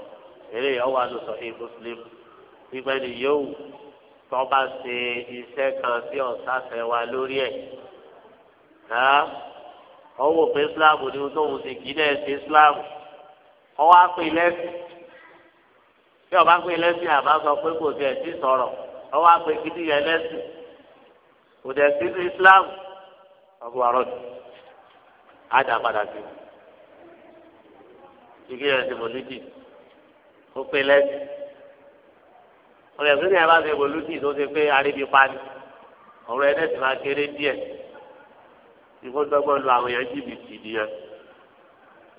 eré ìyàwó wa ló sọ̀kì Muslim gbígbẹ́ni yóò tọ́ba ṣe iṣẹ́ kan sí ọ̀sáfẹ́ wa lórí ẹ̀ ká ọwọ́ pé islam ni tóun ṣe kí náà ṣe islam ọwọ́ àpè lẹ́sìn bí ọba pè lẹ́sìn àbá sọ pé kò tiẹ̀ sí sọ̀rọ̀ ọwọ́ àpè gidi yẹn lẹ́sìn kò dẹ̀ sí islam ọgbọ́n àròjù àdá padà sí i ti mọ̀ nídìí kó pè lẹ́sìn ọ̀rẹ́ ìpínlẹ̀ yẹn bá ṣe wọlé tí tó ṣe pé aríbi pani ọ̀rọ̀ ẹ̀ nẹ́sìn máa kéré díẹ̀ ìfowópamọ́ lu àwọn èèyàn jìbìtì nìyẹn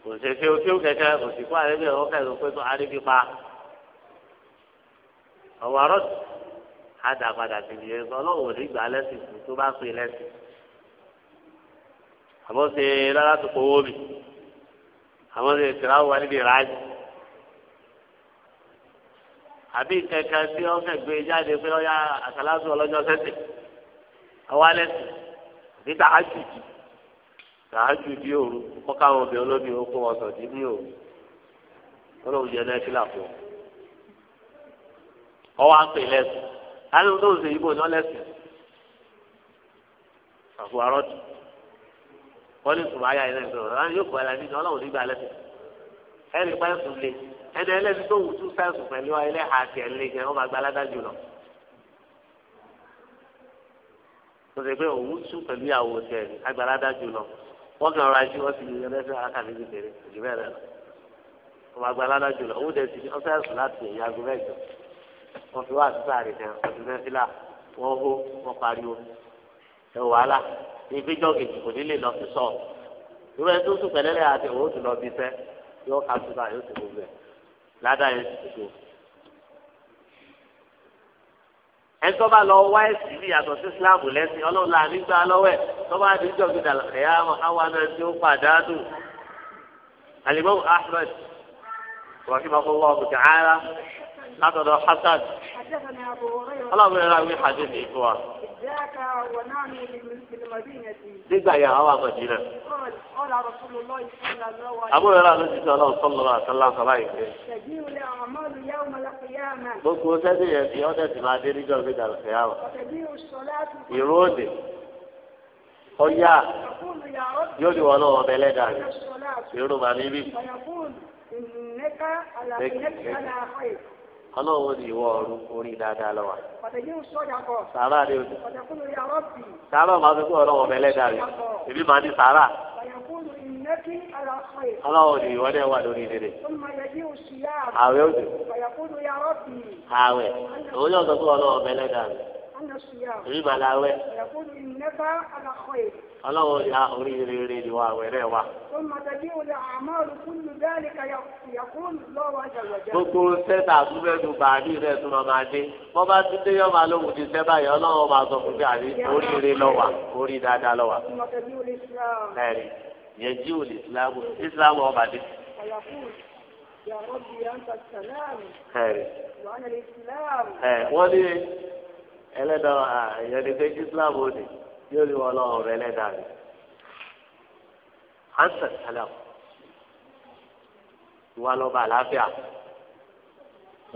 kò ṣe ṣe o kéwù kẹkẹ kò sì kó àríbi ọ̀hún kẹsàn-án pé aríbi pa ọ̀wọ́ àrọ́ àdàpadà sì nìyẹn ọlọ́run ò ní gbà lẹ́sìn tó bá pè lẹ́sìn àbọ̀ ṣe rárá tó kówó mi àbọ̀ ṣe ìṣẹ̀lá wà níbi ìràjì. àbí kẹ̀kẹ́ tí wọ́n fẹ́ gbé jáde pé ọ̀yà àṣàlásù ọlọ́jọ́ sẹ́sẹ̀ ọwálẹ̀ àbí tàájù jì tàájù bí òru kọ́ka àwọn obìnrin olómi okó wọn dín ní òru jẹ náà kílà fún ọ ọwọ́ àpè lẹ́sìn láti tó ń ṣe ìbò náà lẹ́sìn àfọ wọ́n ní sùnmọ́ ẹni ẹlẹ́ni tó wù tú sẹ́sùn pẹ̀lú ẹlẹ́hà àti ẹ̀lẹ́gẹ̀ wọ́n máa gba aládá jùlọ. tó ṣe pé òwú tú pẹ̀lú ìyàwó tẹ̀ agbára aládá jùlọ wọ́n kàn ra ju wọ́n ti yẹ lẹ́sẹ̀ akadémi tẹ̀lé jù bẹ́ẹ̀ rẹ̀ wọ́n máa gba aládá jùlọ òwú dẹ̀ ti ní ọ́sẹ̀sùn láti ẹ̀yà ago mẹ́jọ wọ́n fi wá àtúntà rẹ̀ tẹ̀ ọ̀sùn mẹ́fìlà wọ́n hó wọ́n pariwo ẹ̀ wàhálà ìgbẹ́jọ́ kejì kò ní lọ sí sọ́ọ̀ ìwé tó sùn pẹ̀lẹ́lẹ́ àti òwò tó lọ bí sẹ́ yóò ká tó báyìí ó ti gbogbo ẹ̀ ládàá yẹn ti tó. ẹni tó bá lọ wá ẹ̀sìn ní yàtọ̀ sí islam lẹ́sìn ọlọ́run là nígbà lọ́wọ́ ẹ̀ tó bá di jọ̀gbìn dàlàkẹ́yà àwọn náà tí ó pàdánù. alimami ahmed rahimahullah ta'ala látọ̀dọ̀ hasan ọlọ́run rẹ̀ ra wí hadith ìfọ̀ wa nígbà yẹn àwọn àmọ̀jì náà. àbúrò náà ló ti sọ ọlọ́run sọ́nù náà sọ́nù sọ́nù yìí pé. gbogbo sẹ́sìn yẹn ti ọ́dẹ̀ sì máa dé níjọ́ gbé dàrú sí àwọn. ìró òde ọ̀yà yóò di wọn lọ́wọ́ ọbẹ̀ lẹ́dàá rẹ̀ ìró màmí bí. ọlọ́wọ́ ni ìwọ ọrụ orí dáadáa lọ wa. sàrà ni o. sàrà máa fi kó ọlọ́wọ́ bẹ́ẹ̀ lẹ́dàá rẹ̀ èmi máa ní sàrà. ọlọ́wọ́ ni ìwọ náà wà lórí rere. àwẹ̀ àwẹ̀ òun yóò sọ pé rẹ̀. ìrìbà la wẹ. ọlọ́wọ́ ya orí rere ni wa wẹ̀rẹ̀ wa. gbogbo sẹ́tà túbẹ̀dù bàbí rẹ̀ tún lọ máa dé. wọ́n bá tún dé yọ́ máa lóhùn ti sẹ́bà yẹn ọlọ́wọ́ máa sọ fún mi àbí oríire lọ́wà orí dáadáa lọ́wà. ẹ̀rí yẹn jí òní ìsìlámù ìsìlámù ọba dé. ẹ̀rí wọ́n ní ẹlẹ́dàá ìyẹnìfẹ́ islam òde yóò rí wọn lọ́wọ́ rẹ ẹlẹ́dàá rẹ. ansa salam ìwà lọ́ba àlàáfíà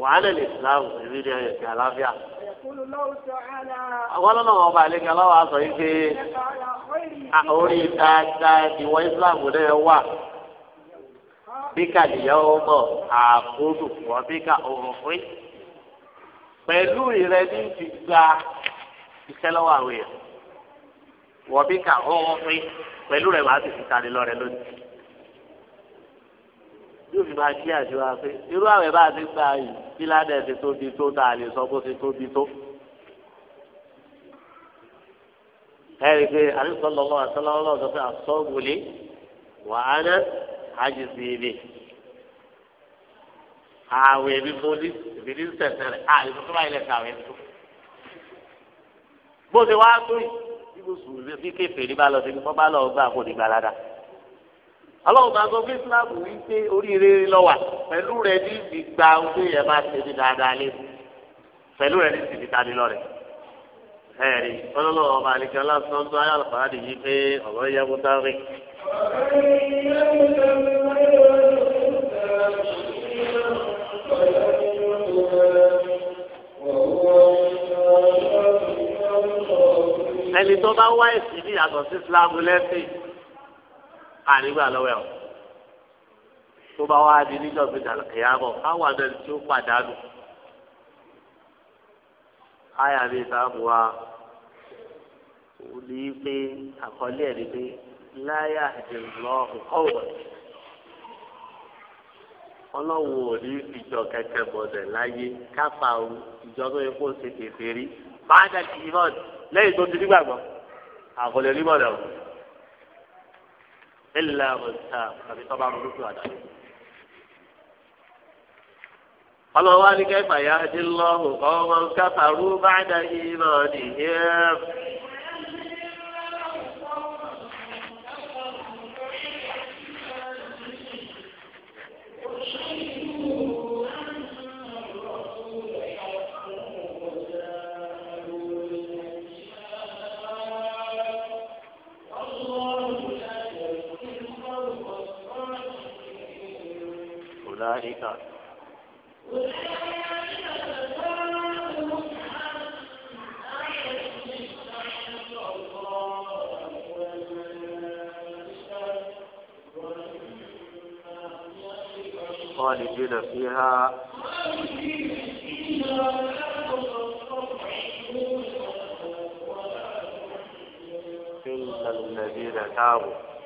wàhálà islam ìrírí ní ayọ̀ sí àlàáfíà. àwọn ọlọ́wọ́ ọba àlejò aláwọ̀ aṣọ yìí pé orí dáadáa ìwọ islam òde wà bíkà nìyẹn ó àkóso wọ́n bíkà òrùn fún yìí pẹ̀lú ìrẹ ní ti gba iṣẹ́ lọ́wọ́ àwọn èèyàn wọ́n bí ká ọwọ́ pé pẹ̀lú rẹ̀ wàá sì fi tani lọ́rẹ̀ lónìí. yóò fi máa kí àjọyọ̀ pé irú àwẹ̀ bá a ti gbà yìí bí ládẹ́ ti tóbi tó tá a lè sọ bó ti tóbi tó. ẹ̀rí pé àdìsọ́ lọ́wọ́ àtọ́lọ́wọ́ lọ́wọ́ sọ pé àsọ́gùnlé wàhánà àjùsí ibi àwẹ̀ mi mo ní èmi ní sẹ̀sẹ̀ rẹ̀ à èmi tó báyìí lẹ́sẹ̀ àwẹ̀ tó. bó ṣe wá tó yìí mùsùlùmí bí kéfèé ní bá lọ sí ní bọ́bá lọ gbà kó ní gbalada. ọlọ́run máa gbọ́ islam wí pé oríire lọ́wà pẹ̀lú rẹ̀ ní ìgbà ojú yẹn máa ṣe ní dáadáa lé pẹ̀lú rẹ̀ ní ìsìnkú tani lọ́rẹ̀. ẹ̀rí ọlọ́run ọba àlìkẹ́ ọlá sọ́ńtò ayé àlùfáà ẹni tó bá wá ẹ̀sìn ní yàtọ̀ sí islamu lẹ́sìn àrígbà lọ́wọ́ ẹ̀ tó bá wá di níjọ́ fi dàlùkìyàbọ̀ káwọn abẹ́ni tí ó pàdánù. àyà mi sáàmù wa ní pé àkọlé ẹ̀ ni pé láyà ìdìrọ̀ ọ̀kọ́wọ̀ ọlọ́wọ́ ò ní ìjọ kẹ̀kẹ́ bọ̀dẹ̀ láyé káfà ìjọ tó yẹ kó ṣe kékeré bá dàgbì ìmọ̀ọ́dì lẹ́yìn tó ti nígbàgbọ́ àkọlẹ̀ rí mọ̀lẹ́ o ilẹ̀ ọ̀sà àbí tọ́ba burúkú àdá. ọlọ́wọ́ wa ní kẹfà yá ti lọ́hùn kọ́ ọmọ káfà rú bá dá ìmọ̀ nìyẹn. أولئك خالدين فيها إلا الذين تابوا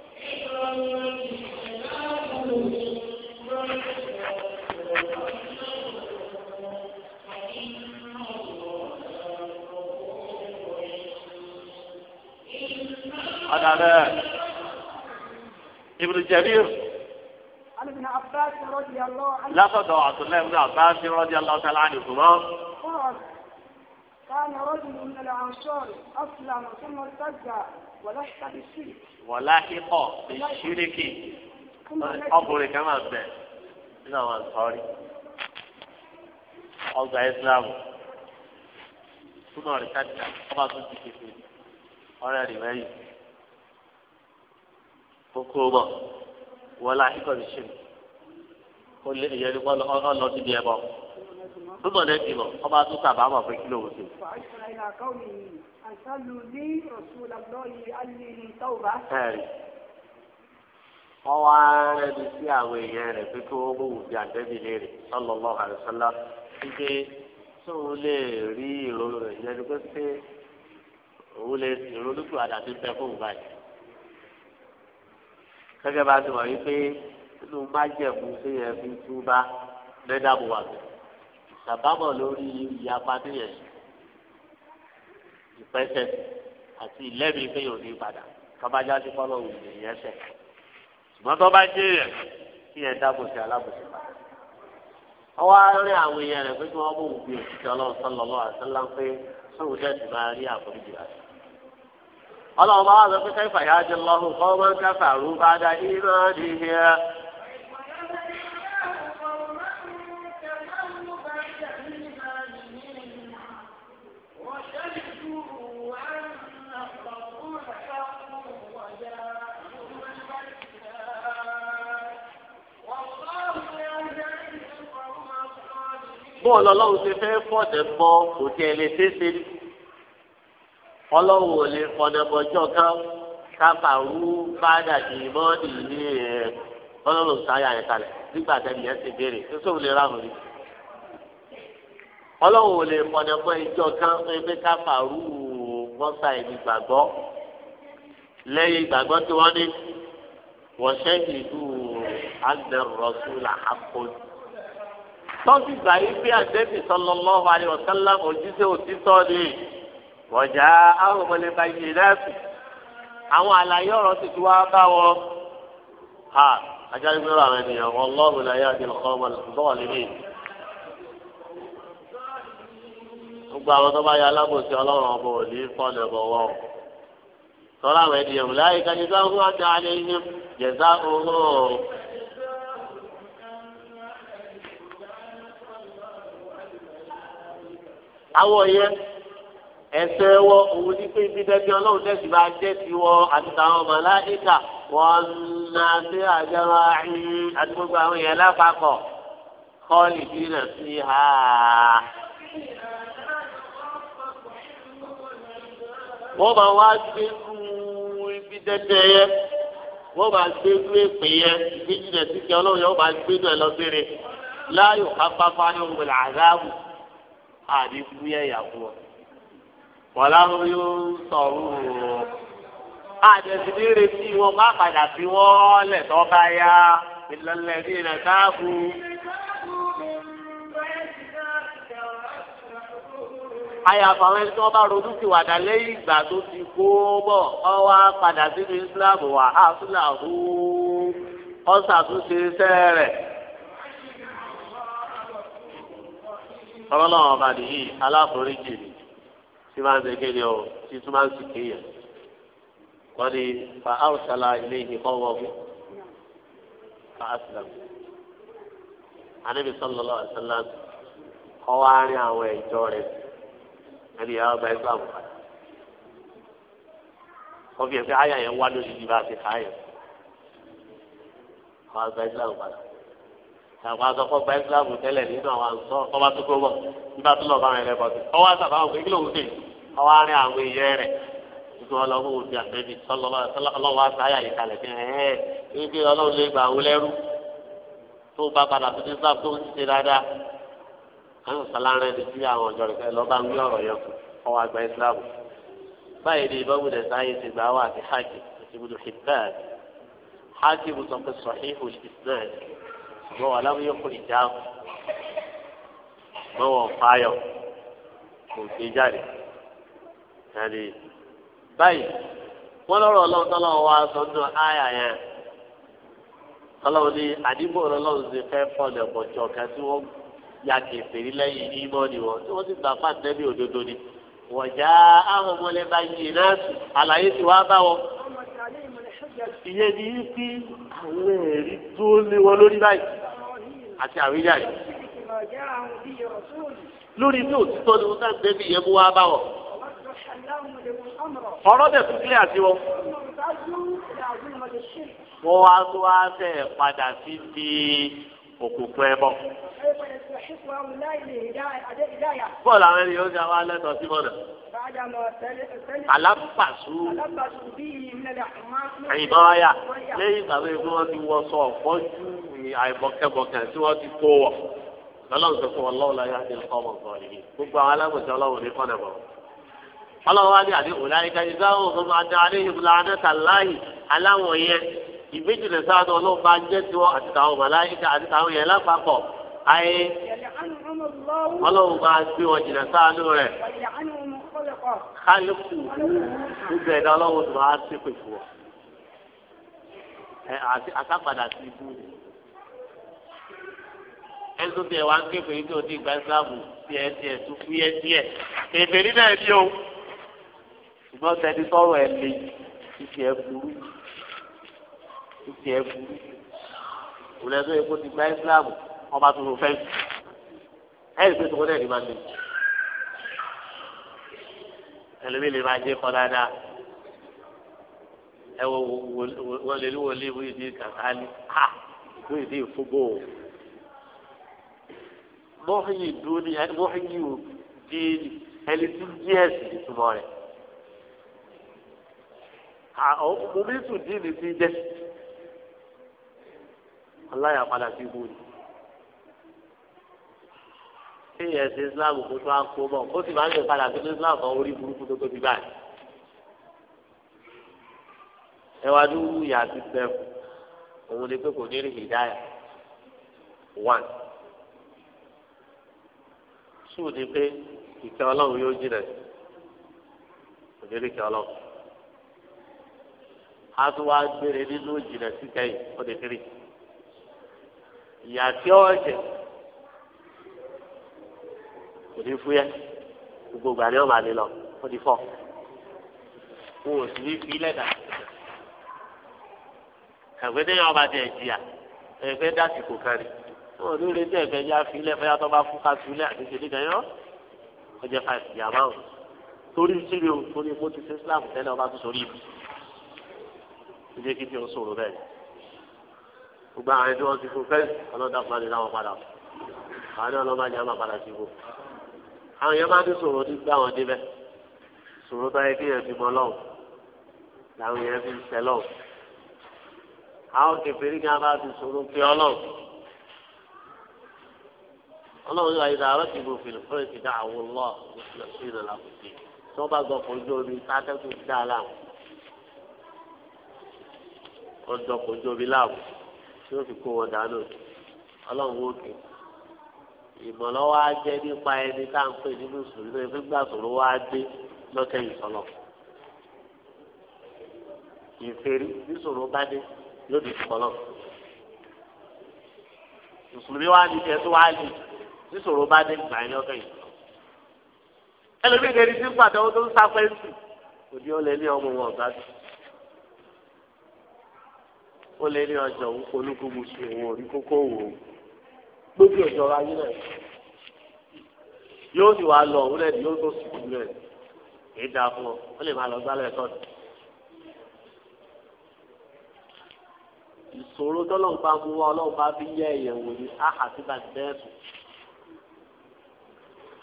ذلك ابن الجرير عن ابن عباس رضي الله عنه لقد تدعو الله ابن عباس رضي الله تعالى عنه قال كان رجل من الأنصار أسلم ثم ارتجع ولحق بالشرك ولحق بالشرك أبوري كمان ده من الأنصار ọgbà islam túnú ọ̀rẹ́ kájà ọba tó ti kékeré ọ̀rẹ́ rẹ̀ kókó bọ̀ wọlé àyíkọ̀ lè ṣe kó lè yẹ ọlọ́ ti di ẹbọ túbọ̀ lè dìbọ̀ ọba tó sábà mọ̀ pé kí ló wò sí. wọ́n wá rẹ́ni sí àwọn èèyàn rẹ̀ pé kí wọ́n mú wùdí àtẹ́bí léèrè sallallahu alaihi wasallam wípé tó o lè rí ìrònú rẹ̀ yẹn ni pé ṣé òun lè ìrònú kù àdàtí bẹ́ẹ̀ fóun báyìí gẹ́gẹ́ bá ti wà wípé inú májẹ̀mú séyẹn fi túbá lẹ́dàbò wà bẹ̀. sàbámọ̀ lórí ìyapa níyẹn ìpẹ́sẹ̀ àti ìlẹ́mìí péyàn ní ìpadà kábàjá ti kọ́ lọ́wọ́ ìyẹn ẹsẹ̀. ṣùgbọ́n tó bá jẹ́ yẹn kí yẹn dáàbò sí alábòsí padà. ọwọ́ arẹ́ àwọn èèyàn rẹ̀ pé kí wọ́n bò wù bí òṣìṣẹ́ ọlọ́run sọ́lọ́lọ́ àti sọ́lá ń pé sóhùn dẹ́ẹ̀tì máa rí àforíjì àti ọlọ́run bá wà sọ pé kẹfà yá jẹ lọ́hùn kọ́ máa ń kẹfà rú bá dá iná ní hẹ́. bọ́ọ̀lù ọlọ́run ṣe fẹ́ fọ́ọ̀tẹ̀ mọ́ kò tiẹ̀ lè ṣeé ṣe ni ọlọ́wọ́ ò lè fọdẹ́bọjọ́ ká kábà rú bàdà ìmọ̀ ìlú ẹ̀ eh, ọlọ́run sáyà rẹ̀ kalẹ̀ nígbà tẹ̀lé ẹ̀ ti béèrè sísòwò lè rà lórí. ọlọ́wọ́ ò lè fọdẹ́bọ ìjọ kan pé kábà rú mọ́sá ẹni gbàgbọ́ lẹ́yìn ìgbàgbọ́ tí wọ́n ní wọ́n ṣẹ́yìn ìlú agbẹ̀rọ̀sùn làákùn tọ́sí gbà yí pé àdébì sọlọ́lọ́hu àyọ̀sálà òjíṣẹ́ òtítọ́ ni wọ̀jà àwọn ọmọlẹ bá yé lẹ́sùn àwọn àlàyé ọ̀rọ̀ sì ti wá bá wọn. ha ajáde pé àwọn ènìyàn wọn lọ́ọ̀rù láyé àti ọkọ̀ ọmọ lọ́wọ́ lélẹ̀. gbogbo àwọn tó bá yẹ alábòsí ọlọ́run ọba ò ní fọ́nà bọ̀ tọ́lá àwọn ènìyàn wò láyé kájí tó ń wájà alẹ́ yín jẹ̀dá òhún. àwọn yẹn ẹsẹ wọ òun ní pé ibi dẹbi Ọlọ́run dẹbi bá jẹ ti wọ àtàwọn màláìkà wọn nà sí àjọrò àyìn àti gbogbo àwọn yẹn lápapọ̀ kọlì bí nà sí ha. wọ́n máa wá gbé kú ibi dẹdẹ yẹ wọ́n máa gbé kú èpè yẹ ibi jìnnà sí kí Ọlọ́run yẹn wọ́n máa gbé náà lọ bèrè láyò kápákó ayọ̀ wọlé àdáàbò àdínkù yẹ yà fún wọláhùn yóò sọ̀rọ̀ àjẹsíní retí wọn má padà fi wọ́n lẹ̀ tó bá ìlọlẹ̀ bí rẹ̀ káàbù. àyàfọ̀ àwọn ẹni tí wọ́n bá ìgbà tó ti kó bọ̀ ọ wá padà sínú Islam wà á fúlàhù ọ ṣàtúnṣe iṣẹ́ rẹ̀. ọlọ́run ọba nìyí aláforíjì ni. tí máa ń ṣe kéde o tí tún máa ń sì kéèyàn wọ́n ní fa àwùsàlà ilé ìkọ́ wọ́ọ̀mù fa àṣìlá anabi sallallahu alaihi wasallam kọ́ wá rí àwọn ìjọ rẹ̀ ẹni yàrá ọba ẹgbẹ́ àbúrò wọ́n fi ẹ̀fẹ́ àyà yẹn wá lórí ibi bá ti ọba ẹgbẹ́ àbúrò àwọn asọ́kọ́ gba ìsìlámù tẹ́lẹ̀ nínú àwọn àǹsọ́ ọba tó kó bọ̀ nígbà tó lọ bá rẹ̀ lẹ́bọ̀ sí ọwọ́ àtàwọn àwọn òkèkè lòun dé ọwọ́ àárín àwọn èèyàn rẹ̀ nítorí ọlọ́run òbí àtẹ́bí ọlọ́run àtàyà yìí kalẹ̀ fi hàn ẹ́ ibi ọlọ́run lè gbà wọlé rú tó bá padà tó ti sáà tó ń ṣe dáadáa àwọn sàlárẹ̀ ti fi rẹ̀ lọ́ ṣùgbọ́n wà láwọn yóò kúrò ìjáàmù ṣùgbọ́n wọn fààyọ̀ kò gbé jáde jáde báyìí wọ́n lọ́rọ̀ ọlọ́run tọ́lọ́run wá sọ nínú àyà yẹn tọ́lọ́run ní àdìbò ọlọ́run ti fẹ́ fọ́ọ̀lẹ̀ pọ̀jọ́ kan tí wọ́n ya kẹfẹ́rí lẹ́yìn ìmọ̀ ni wọ́n tí wọ́n ti gbà pàtẹ́bí òdodo ni wọ̀já àwọn ọmọlẹ́ bá yí iná sùn àlàyé tí wàá bá wọn. ìyẹn ni yí sí àwọn ẹ̀rí tó lé wọn lórí báyìí àti àwíjàre. lórí ní òtítọ́ ni mo sá débi yẹn mú wá bá ọ̀rọ̀ dẹ̀ tún kílẹ̀ àti wọn. wọ́n wá tó wá fẹ́ padà sí ti òkùnkùn ẹbọ. bọ́ọ̀lù àwọn ènìyàn ń ṣe àwọn alẹ́tọ̀ọ́ sí mọ́nà. alápàṣù àyìnbọn ayà lẹ́yìn ìgbà tó yẹ kí wọ́n ti wọ sọ ọ̀pọ̀ ju àìbọ̀kẹ́bọ̀kẹ́ tí wọ́n ti kó wọ̀ lọ́lọ́run sọ fún ọlọ́run láyé àti ẹ̀kọ́ ọmọ yìí gbogbo àwọn alágbèsè ọlọ́run ní kọ́nà bọ̀. ọlọ́run wá ní àdéhùn láyé kájí ìbéjìlẹ̀ sáadọ̀ ọlọ́run bá jẹ́ tiwọn àti tàwọn màláyíkà àti tàwọn yẹn lápapọ̀ ayé ọlọ́run bá gbé wọn jìnnà sáadọ̀ rẹ̀ kálíkù gbogbo ẹ̀dá ọlọ́run tó máa ṣe pè fún ọ. àtàpadà sí ibú ni ẹ̀sùn tiẹ̀ wá ń ké pé kí o ti gba ìsìlámù tiẹ̀ tiẹ̀ tún fúyẹ́ tiẹ̀ èbèrè náà ni o ṣùgbọ́n tẹni sọ̀rọ̀ ẹ̀ lè ti tiẹ̀ burú títí ẹ burú òlẹ̀ tó yẹ kó ti gba islam ọba tó lò fẹ́ẹ́ ẹ̀ ẹ́ ìpèsè kọ́tẹ́ ẹ̀ ní máa ń lè ẹlòmí lè máa jẹ́ kọ́ dáadáa ẹ wọ wọlé ní wọlé ìwé ìdí kàkálí ha ìwé ìdí ìfúgbó o mọ́hìnyí dúní mọ́hìnyí o di ẹni tí díẹ̀sì ìtumọ̀ rẹ̀ ha ọmọ mi tún dín ti jẹ́sì aláya padà sí ibú ni kéèyàn ṣe islam kó tó á kó bọ̀ ó sì máa ń lè padà sínú islam kan orí burúkú tó tóbi báyìí ẹwà dúró yà á ti sẹ́fù òun ni pé kò ní rí hìdáyà one two ni pé ìkẹ́ ọlọ́run yóò jìnà kò ní rí ìkẹ́ ọlọ́run a tún wá gbére nínú ìjìnà síkẹ́yìn ó ìyá tí ọ jẹ kò ní fúyẹ́ gbogbo ìgbà ni wọn máa lè lọ ó di fọ wọn ò sì ní fi lẹ́dà ẹ̀fẹ́ tẹ́yìn ọba tẹ̀ jìyà ẹ̀fẹ́ dásìkò kárí wọn ò ní retí ẹ̀fẹ́ yá fi lẹ́fẹ́ yá tó bá fún ká fi lẹ́ àti ṣèlú kẹyọ́ ọjọ́ fàìsì ìyá márùn torí sílẹ̀ o torí mo ti ṣe Islam tẹ́lẹ̀ ọba tó sọ rí ibi ìdí kí ni o sọ̀rọ̀ bẹ́ẹ̀ gbogbo àwọn ẹni wọn ti fún fẹsí ọlọ́dàpọ̀ ni láwọn padà àwọn ní ọlọ́mọ ajá máa padà sí ibò àwọn yẹn máa ń sòrò nígbà wọn débẹ̀ sòrò tó yẹ kí yẹn fi mọ lọ́wọ́ làwọn yẹn fi ń sẹ lọ́wọ́ àwọn kẹfìrí ni a bá fi sòrò pé ọlọ́wọ́ ọlọ́wọ́ yóò ayélujára ọlọ́tì ìbò fìlẹ̀ fún ètò ìdá àwọn ọlọ́ sí ìrọ̀lá kò tí ó fi kó wọn dànù ọlọ́run wò kí ìmọ̀ lọ́wọ́ á jẹ́ nípa ẹni tá à ń pè ní mùsùlùmí náà nígbà sòrò wá dé lọ́kẹ́ ìsọlọ. ìfèrí nísòro bá dé yóò di ìsọlọ. mùsùlùmí wá ní tiẹ̀ tó wá ní nísòro bá dé gbà ní ọkẹ́ ìsọlọ. ẹlòmíì kẹ́ni tí ń pàtẹ́wọ́ tó ń sáfẹ́ǹsì òdi ọ̀lẹ́ ní ọmọ wọn ọ̀gá dùn ó lé ní ọjọ́ òun polúkú musu òun òní kókó wò ó lójú ọjọ́ ayé náà yóò sì wá lọ òun náà yóò tó sì kú rẹ̀ èyí dáa fún ọ ó lè máa lọ gbálẹ̀ tọ́jú. ìṣòro tọ́lọ́run bá mú wa ọlọ́run bá fi yẹ ẹ̀yẹ̀ wò ní áhà tí bá ti bẹ́ẹ̀ sùn.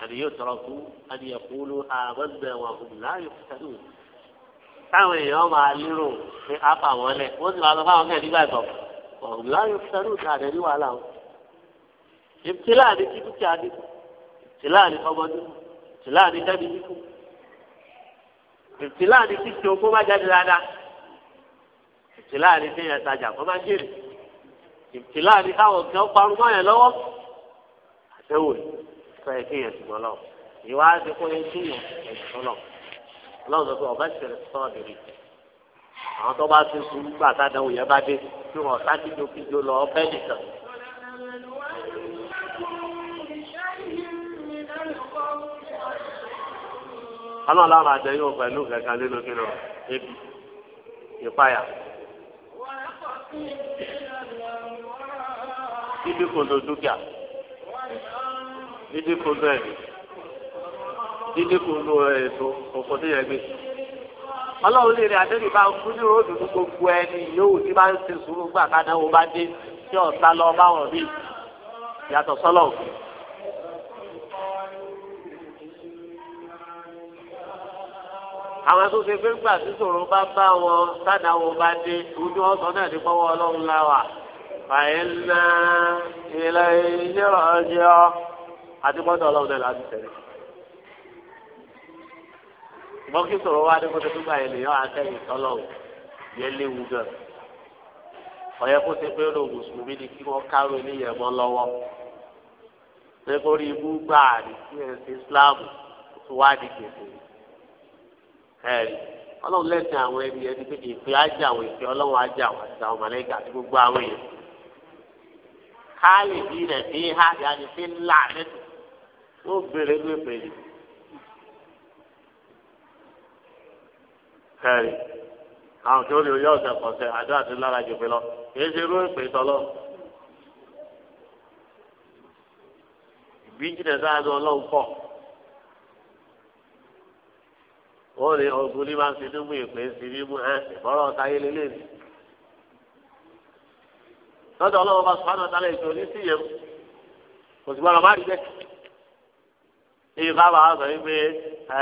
àníyàn tọrọ fún àníyàn kúlú àmọ́ ń bẹ̀ wọn kò láàyò fún táwọn èèyàn máa lérò pé á fà wọ́n lẹ̀ wọ́n sì máa lọ fáwọn kẹ́ẹ̀ nígbà ìgbọ̀ ọ̀hún láyé fẹ́rù ìtàdé ní wàhálà o ìtìlá ní kí dúkìá dínkù ìtìlá ní ọmọ dínkù ìtìlá ní tẹ́bi dínkù ìtìlá ní kíkì ogún má jáde dáadáa ìtìlá ní kéèyàn tajà kó má jèrè ìtìlá ní káwọn kan parun mọ́ yẹn lọ́wọ́ àtẹ̀wò sọ yẹ kéèyàn ṣùgbọ́n lọ ìwà á ti kó yẹn ọlọ́run sọ pé ọba ṣẹlẹ̀ sọ́ọ̀dẹ̀rẹ̀ àwọn tó bá ti sùn nígbà sádẹ́wò yẹn bá dé tí wọ́n sákìjokìjo lọ ọbẹ̀ nìkan. ọlọ́run láwọn àjẹ yóò pẹ̀lú kankan nínú kí lọ ebi ìpayà. ibi kò lo dúkìá ibi kò lo ẹ̀mí dídínkù nù ètò òfò tó yẹ gbé. ọlọ́run lè rí àdébì bá ń fún ní ròdù ní gbogbo ẹni yòówù tí bá ń ṣe sùúrù gbà kádàwó bá dé tí ọ̀sá lọ bá wọn bí yàtọ̀ sọ́lọ̀ òfin. àwọn tó ṣe fẹ́ gbà sísòro bá bá wọn sádàwó bá dé ojú ọ̀sán náà ní pọ́wọ́ ọlọ́run láwà fàyínà ilẹ̀ ìṣẹ́ ọ̀jọ́ àti gbọ́dọ̀ ọlọ́run náà láti tẹ̀lé. ìmọ̀ kí sọ̀rọ̀ wá dé kótó tó gbà yẹn lè yọ àtẹ̀yìn tọ́lọ́wù yẹn léwu gan. ọ̀yẹ́ kó ṣe pé ó lò mùsùlùmí ni kí wọ́n kárò eléyẹ̀ mọ́ lọ́wọ́. pé kó rí ibú Islam tó wá di gbèsè. ọlọ́run lẹ́sìn àwọn ẹni pé àwọn ìfẹ́ ọlọ́run àwọn àti àwọn àti gbogbo àwọn èèyàn. káàlì bí rẹ̀ há fi ẹ̀rí àwọn kí ó lè yọ ọ̀sẹ̀ kọ̀ọ̀sẹ̀ àdó àti lára jù pé lọ kìí ṣe irú ìpè tọ́lọ́. bíjìnẹ̀ sáájú ọlọ́run pọ̀ ó lè ọ̀gbun ní máa ń sinú mú ìpè sí mímú ẹ ìbọ̀rọ̀ táyé lélẹ̀ ni. lọ́dọ̀ ọlọ́run bá sùpánù ọ̀tálẹ̀ ìṣòro ní sí yẹn kò sì gbọ́dọ̀ má rí bẹ́ẹ̀. sọ wípé ẹ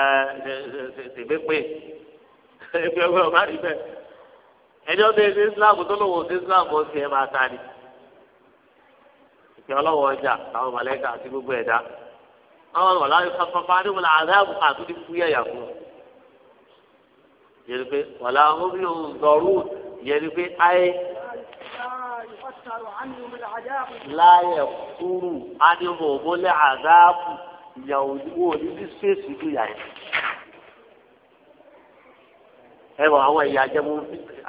ṣègbè pé. ẹgbẹ́ ọgbẹ́ ọba rí bẹ́ẹ̀ ẹjọ́ bẹ́ẹ̀ ní islam tó lòun ní islam ó sì ẹ máa ta ni ìpè ọlọ́wọ́ ọjà àwọn mọ̀lẹ́kà àti gbogbo ẹ̀dá àwọn mọ̀láyé pápápá ní wọn àdáàbò àtúndì fúyẹ́ yà fún un yẹni pé wàlá ọmọ mi ò zọrú yẹni pé ayé láyé kúrú ánimọ̀ mọ́lẹ́ àdáàbò ìyàwó ìdíwọ̀ ní bí spéèsì ìdúyà yẹn ẹ wọ àwọn ẹyà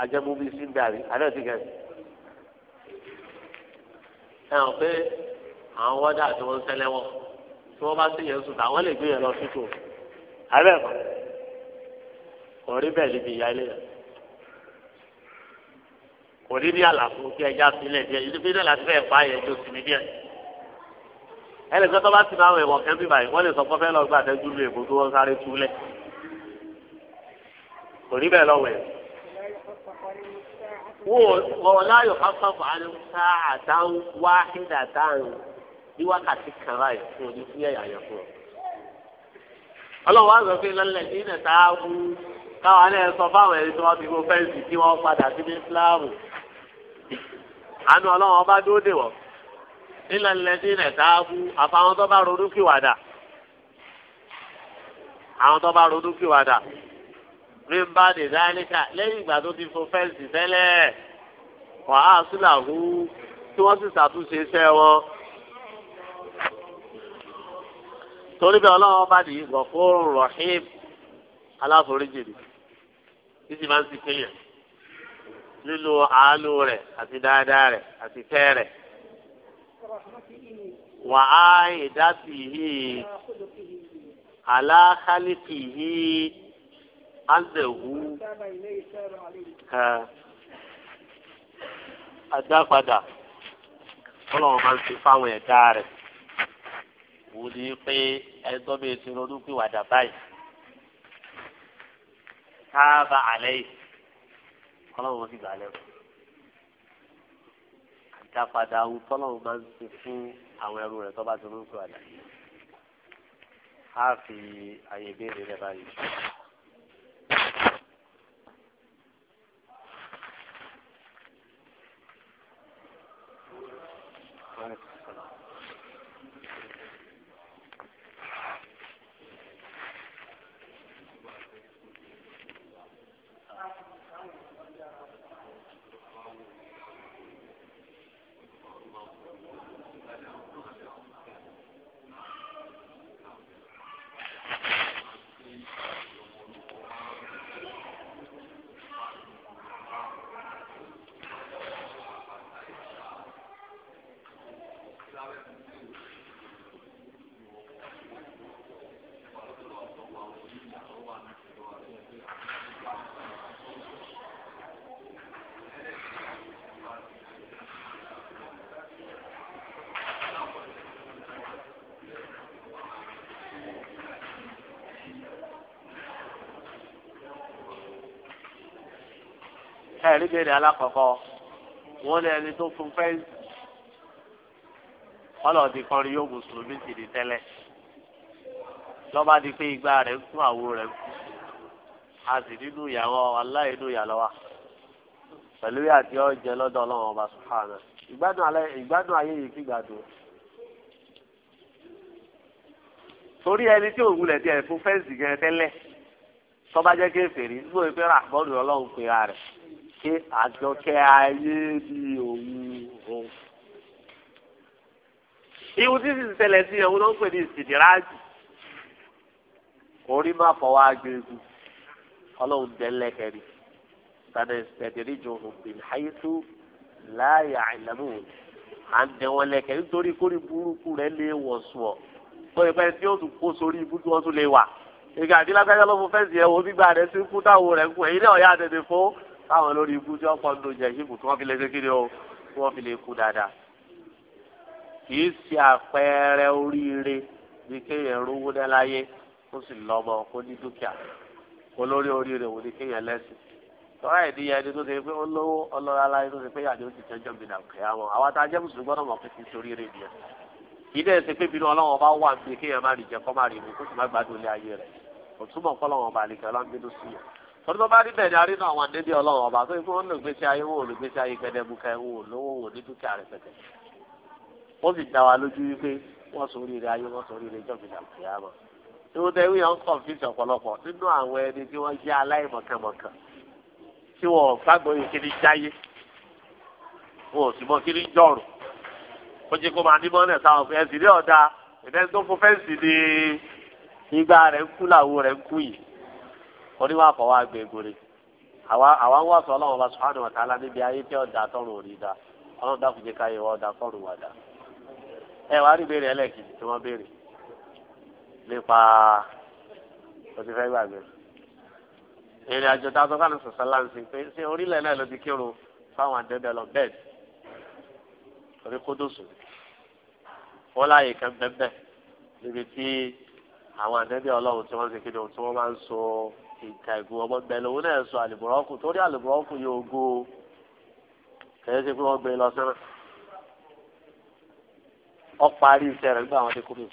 ajẹmúbí sí ń darí alẹ́ ti kẹrin ẹ hàn pé àwọn wọ́dà tí wọ́n ń sẹ́lẹ̀ wọn tí wọ́n bá sì yẹn sùn táwọn lè gbé yẹn lọ sí tò alẹ́ ẹ̀kọ́ kò rí bẹ́ẹ̀ níbi ìyá ilé yẹn kò rí ní àlàfo kí ẹja sílẹ̀ díẹ̀ ìdí bí náà láti fẹ́ẹ̀ pa yẹn tó sì ní díẹ̀ ẹnìkan tó bá ti máa wọ ẹ̀wọ̀n kẹ́ńbì báyìí wọ́n lè sọ fọ́fẹ́ lọ gbàdẹ́jú lu èkó tó wọ́n sáré túlẹ̀ kò rí bẹ́ẹ̀ lọ́wọ́ ẹ̀. wọ́n láyò afáfà àlùkà àtàwọn wáhídà táwọn bí wákàtí kan báyìí fún ojú fún ẹ̀yà yẹn fún ọ. ọlọ́wọ́ àgbẹ̀ fi lọ́lẹ̀ ní ilẹ̀ tá a wú káwọn alẹ́ sọ fáwọn ẹni tí wọ́n fi kó fẹ́ǹsì tí wọ́n padà sí ní Islámù. àánú ọlọ́wọ́n bá dúró dè wọ́n nílẹ̀ lẹ́sìn ilẹ̀ tá àfàwọn tó bá ronú kíwàdà àwọn tó bá ronú kíwàdà rímbá dè dáníkà lẹ́yìn ìgbà tó ti fo fẹ́ǹsì tẹ́lẹ̀ wàá sílàhù tí wọ́n sì ṣàtúnṣe iṣẹ́ wọn. torí bẹ́ẹ̀ ọlọ́run ọba nìyí gọ̀fóró rọ̀hìm aláforíjì ni títí máa ń ti kéèyàn lílo àálò rẹ̀ àti dáadáa rẹ̀ àti tẹ́ rẹ̀ wà ìdásí yìí aláhálíkì yìí anzehu adápadà kọlọ́wọ́n máa ń fi fáwọn ẹ̀dá rẹ̀ wò ni pé ẹgbọ́n bíi ti ronú pé wàdà báyìí táàbà àlẹ́ yìí kọlọ́wọ́n ti gbà lẹ́wọ̀ adápadà àwọn kọlọ́wọ́n máa ń fi fún àwọn ẹrú rẹ̀ tó bá ti ronú pé wàdà yìí á fi àyè béèrè báyìí. ẹ̀rí bèrè alákọ̀ọ́kọ́ wọ́n lé ẹni tó fún fẹ́ǹsì ọlọ́ọ̀dì kan rí yóò mùsùlùmí sì ní tẹ́lẹ̀ lọ́ba di pé igba rẹ̀ ń kún àwo rẹ̀ ń kú a sì nínú ìyàwó aláìnú ìyàlọ́wà pẹ̀lú àti ọ̀jẹ̀ lọ́dọ̀ ọlọ́run ọba sùpàánà ìgbádùn ayé yìí fi gbádùn. torí ẹni tí òun lẹ̀ tiẹ̀ fún fẹ́ǹsì gan tẹ́lẹ̀ tọ́ba kéferì nígbà pé rà ah, ọlọ́run pera rẹ̀ ṣé àjọkẹ́ ayé ni òun o. Ihu tí sì ń ṣẹlẹ̀ sí ẹ̀hún ló ń pè ní ìsìndíráàjì. Orí má fọwọ́ agbègbè ọlọ́run dẹ́lẹ̀ kẹ́rì. Tàdé ìsìndírí jù hùbìn àyètú láàyè àìlẹ́mú. À ń dẹ wọn lẹ́kẹ̀ nítorí kórìí burúkú rẹ̀ lè wọ̀ sùn ọ̀. Bọ́lá ìpẹ́ tí yóò tún kó sórí ibú tí wọ́n tún lè wà. Ìgbà àdìlágbájá ló fún fẹ́ǹsì ẹ̀wọ̀n gbígbà rẹ̀ sí kú táwọn rẹ̀ kú ẹ̀yin náà yá àtẹ̀tẹ̀ fún táwọn lórí ikú tí wọ́n pọ̀ ń lo jẹ̀ṣípù tí wọ́n fi lè ṣe kí ni o tí wọ́n fi lè kú dáadáa. kì í ṣe àpẹẹrẹ oríire bí kéèyàn rówó dá láyé kó sì lọ́mọ kó ní dúkìá kó lórí oríire wò ní kéèyàn lẹ́sìn. tọ́lá ìdí yẹn ni tó ṣe pé ó lówó ọlọ́ra láyé tó ṣe pé yàrá ó ti jẹjọ́ mi nà kẹ́ àwọn àwọn tá a jẹ́ mùsùlùmí gbọ́dọ̀ mọ̀ pé kì í ṣe oríire nìyẹn. kì í dẹ̀ ṣe pé bínú ọlọ́wọ́n bá wà bí kéèyàn má rí jẹ kọ́ má rí mu kó sì má gbádùn ilé ayé rẹ̀ òtúmọ̀ kọ́ lọ́wọ́n bá lè kẹ́ ọlọ́run bínú sí torí tó bá rí bẹ́ẹ̀ ni arínú àwọn àdébí ọlọ́run ọba tó ikú wọn lò gbèsè ayé wọn ò lò gbèsè ayé gbẹdẹgbùkẹ wọn ò lówó wọn ò ní dúkìá rẹ pẹtẹ wọn sì dá wa lójú wípé wọn sọ oríire ayé wọn sọ oríire jọgìdà kìyàmọ ewu tẹ wíyàn ń kọfíìsì ọ̀pọ̀lọpọ̀ nínú àwọn ẹni tí wọn jẹ aláìmọ̀kànmọ̀kàn tí wọn gbàgbọ́ yìí kiri jáyé wọn sì mọ̀ oníwà fọwọ́ agbègbèrè àwa àwa ń wà sọ ọlọ́run ọba subhanahu wa ta'ala níbi ayé tí ọ̀dà tọrùn ò ní da ọlọ́run dákun jẹ́ káyé wa ọ̀dà tọrùn wà dá. ẹ wàá rí béèrè ẹlẹ́ẹ̀kejì tí wọ́n béèrè nípa o ti fẹ́ gbàgbé ìrìn àjò tá a sọ fáwọn sọ̀sọ́ láǹsì pé ṣé orílẹ̀ náà ló ti kírun fáwọn àdẹ́dẹ́ lọ bẹ́ẹ̀ torí kó dòṣù wọ́n láàyè kan bẹ́ẹ̀ bẹ́ẹ̀ níbi tí àwọn àdẹ́dẹ́ ọlọ́run tí wọ́n ti kí ni tí wọ́n máa ń so nǹkan ẹ̀gbọ́n ọmọ gbẹ̀lẹ̀ òun náà sọ àlùbọ̀rọ̀kù torí àlùbọ̀rọ̀kù yóò go kẹ́yẹ́ sí pé wọ́n gbé lọ sẹ́rẹ̀ ọ parí iṣẹ́ rẹ̀ nígbà wọn ti kúrò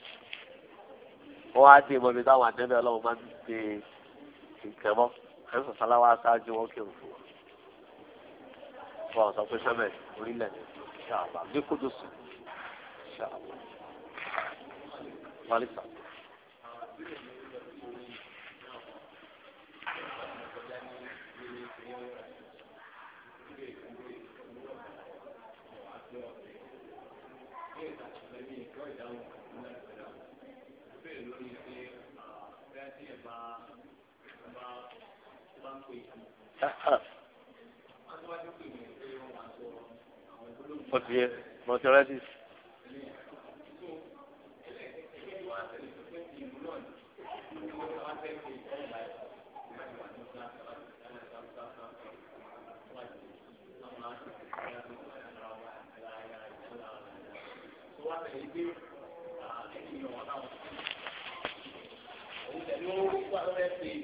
wọ́n á dé ìmọ̀bi táwọn àdébẹ̀ ọlọ́run máa ń gbé nǹkan mọ́ ẹ̀sùn sáláwá ṣáájú wọn kí òfò wọn sọ pé sẹ́mẹ̀ orílẹ̀ ṣàbà ní kúdùsù ṣàbà wálé sàbà. mo ti Thank you.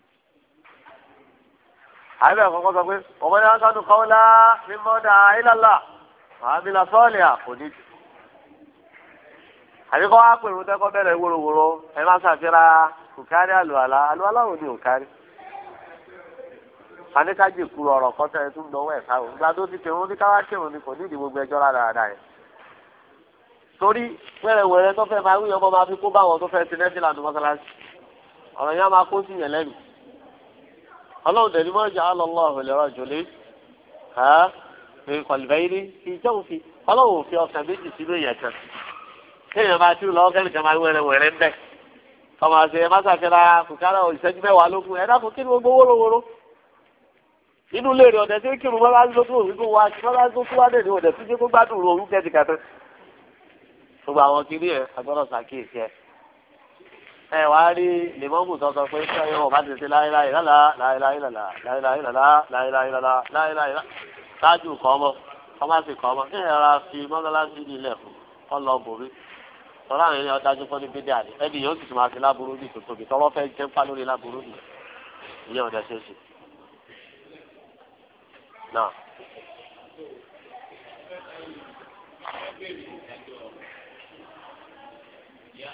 àbẹ̀ àkọ́kọ́ sọ pé ọmọ yẹn ká nu kọ́ọ́lá ní mọ́dà ìlàlá àbílà sọ́ọ̀lì àkò ní. àbí kọ́ wá pèrò tẹ́kọ́ bẹ̀rẹ̀ wórówóró ẹ má ṣàfihàn kùkárí àlùhàlà àlùhàlà ò ní òkárí. àníkájì kúrò ọ̀rọ̀ kọ́tẹ́ ẹ tún lọ́wọ́ ẹ̀ káwọn ìgbà tó ti kẹrun ní káwá kẹrun ni kò ní ìdí gbogbo ẹjọ́ rárá yẹn. torí wẹ́rẹ̀wẹ̀rẹ̀ tó fẹ́ máa wí ọmọ máa fi kó bá àwọn tó fẹ́ sinẹ́sì lànà mọ́sálásí ọ̀rọ̀ yẹn á máa kó sí yẹn lẹ́nu ọlọ́run tẹ̀lé mọ́ jà lọ́lọ́ ọ̀lẹ́rọ̀ jòlè ha ní kọ̀lìbẹ́yìí fi jẹ́ òfin ọlọ́run òfin ọ̀sẹ̀ méjì sínú èèyàn kan kéèyàn máa tún lọ kẹ́lì kan máa wẹ̀rẹ̀ wẹ̀rẹ̀ ń bẹ̀ ọmọ àti ẹ̀ máa ṣàfihàn kùkárà ìṣẹ́jú mẹ́wàá ló fún ẹ̀ dákun kí ni gbogbo wórówóró inú lè rí ọ̀dẹ̀ tí kírun bọ́lá ló tó òwú tó wá sí bọ́lá tó tó ẹ wàá rí lèmọ́mù tó pé sọ́yìn wọn bá ti ṣe láyéláyé lálá láyéláyé lálá láyéláyé lálá láyéláyé lálá láyéláyé lálá ṣáájú kọ́ ọmọ sì kọ́ ọmọ kíni ara mọ́sálásí ní ilẹ̀ fún kọ́ lọ bòrí tọ́lá àwọn ènìyàn dájú fún ní bídíà ni ẹni yóò sì máa fi láburú ní tuntun bí tọ́wọ́ fẹ́ jẹ́ pa lórí láburú ni ìyẹn ọ̀dẹ ṣe é ṣe. Yeah.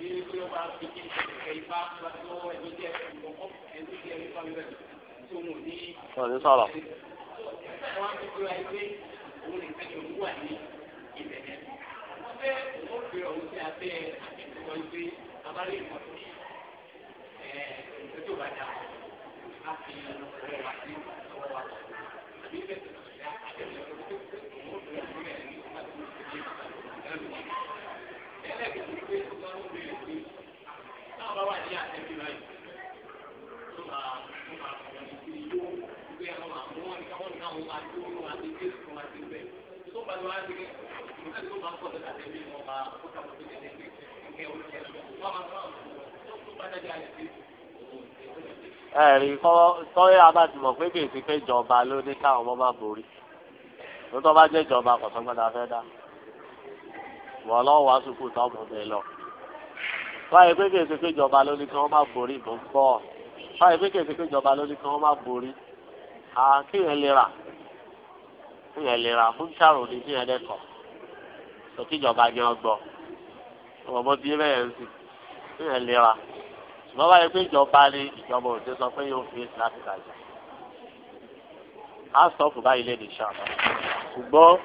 ní pé ó máa fi kí ẹ ìfá lọ́wọ́ ẹni jẹ́ ìgbọ̀kọ́ ẹni jẹ́ ìfá rẹ̀ tí òun ò ní. wọ́n ti sọ̀rọ̀. wọ́n ti gbé wáyé pé òun lè fẹ́ òun wà ní ibẹ̀ yẹn. wọ́n fẹ́ òun fi ọ̀hún sí abẹ́ akẹ́kọ̀ọ́ pé abálẹ̀ ìmọ̀ sí ẹ̀ẹ́dẹ́gbẹ̀tò bàjá láti ọ̀rẹ́ wá sí ọwọ́ wa. àbí ni wọ́n á ti kí nígbà tí ó máa ń pọ̀ lọ́dà tẹ̀lé wọn máa kó tàbí tó tẹ̀lé pé ìkẹ́ oúnjẹ wọn máa sọ̀rọ̀ tó kú pátákì àlẹ́ sí. Ẹ̀rí sọ́yà abájúmọ̀ pé kì í ti pé ìjọba ló ní káwọn ọmọ máa borí. Ló tọ́ bá jẹ́ ìjọba kọ̀sọ́gbọ́dá fẹ́ dá. Wọ́n lọ́wọ́ wá sùkúù tó ọmọ bẹ́ẹ̀ lọ. Fáyé pé kì pé ìjọba ló ní kí wọ́n borí ìbò ń bọ̀. Fáyé pé kì pé ìjọba ló ní kí wọ́n borí. Àkíyàn lè rà ìyẹn lè ra fún sàrò ní sí ẹdẹ kan sọkíjọba ni ọgbọ ọmọ bí bẹ́ẹ̀ ń sìn ìyẹn lè ra ṣùgbọ́n wáyé pé ìjọba ni ìjọba òde sọ pé yóò fi láti kàjà á sọ fún báyìí lè ní sàrò ṣùgbọ́n.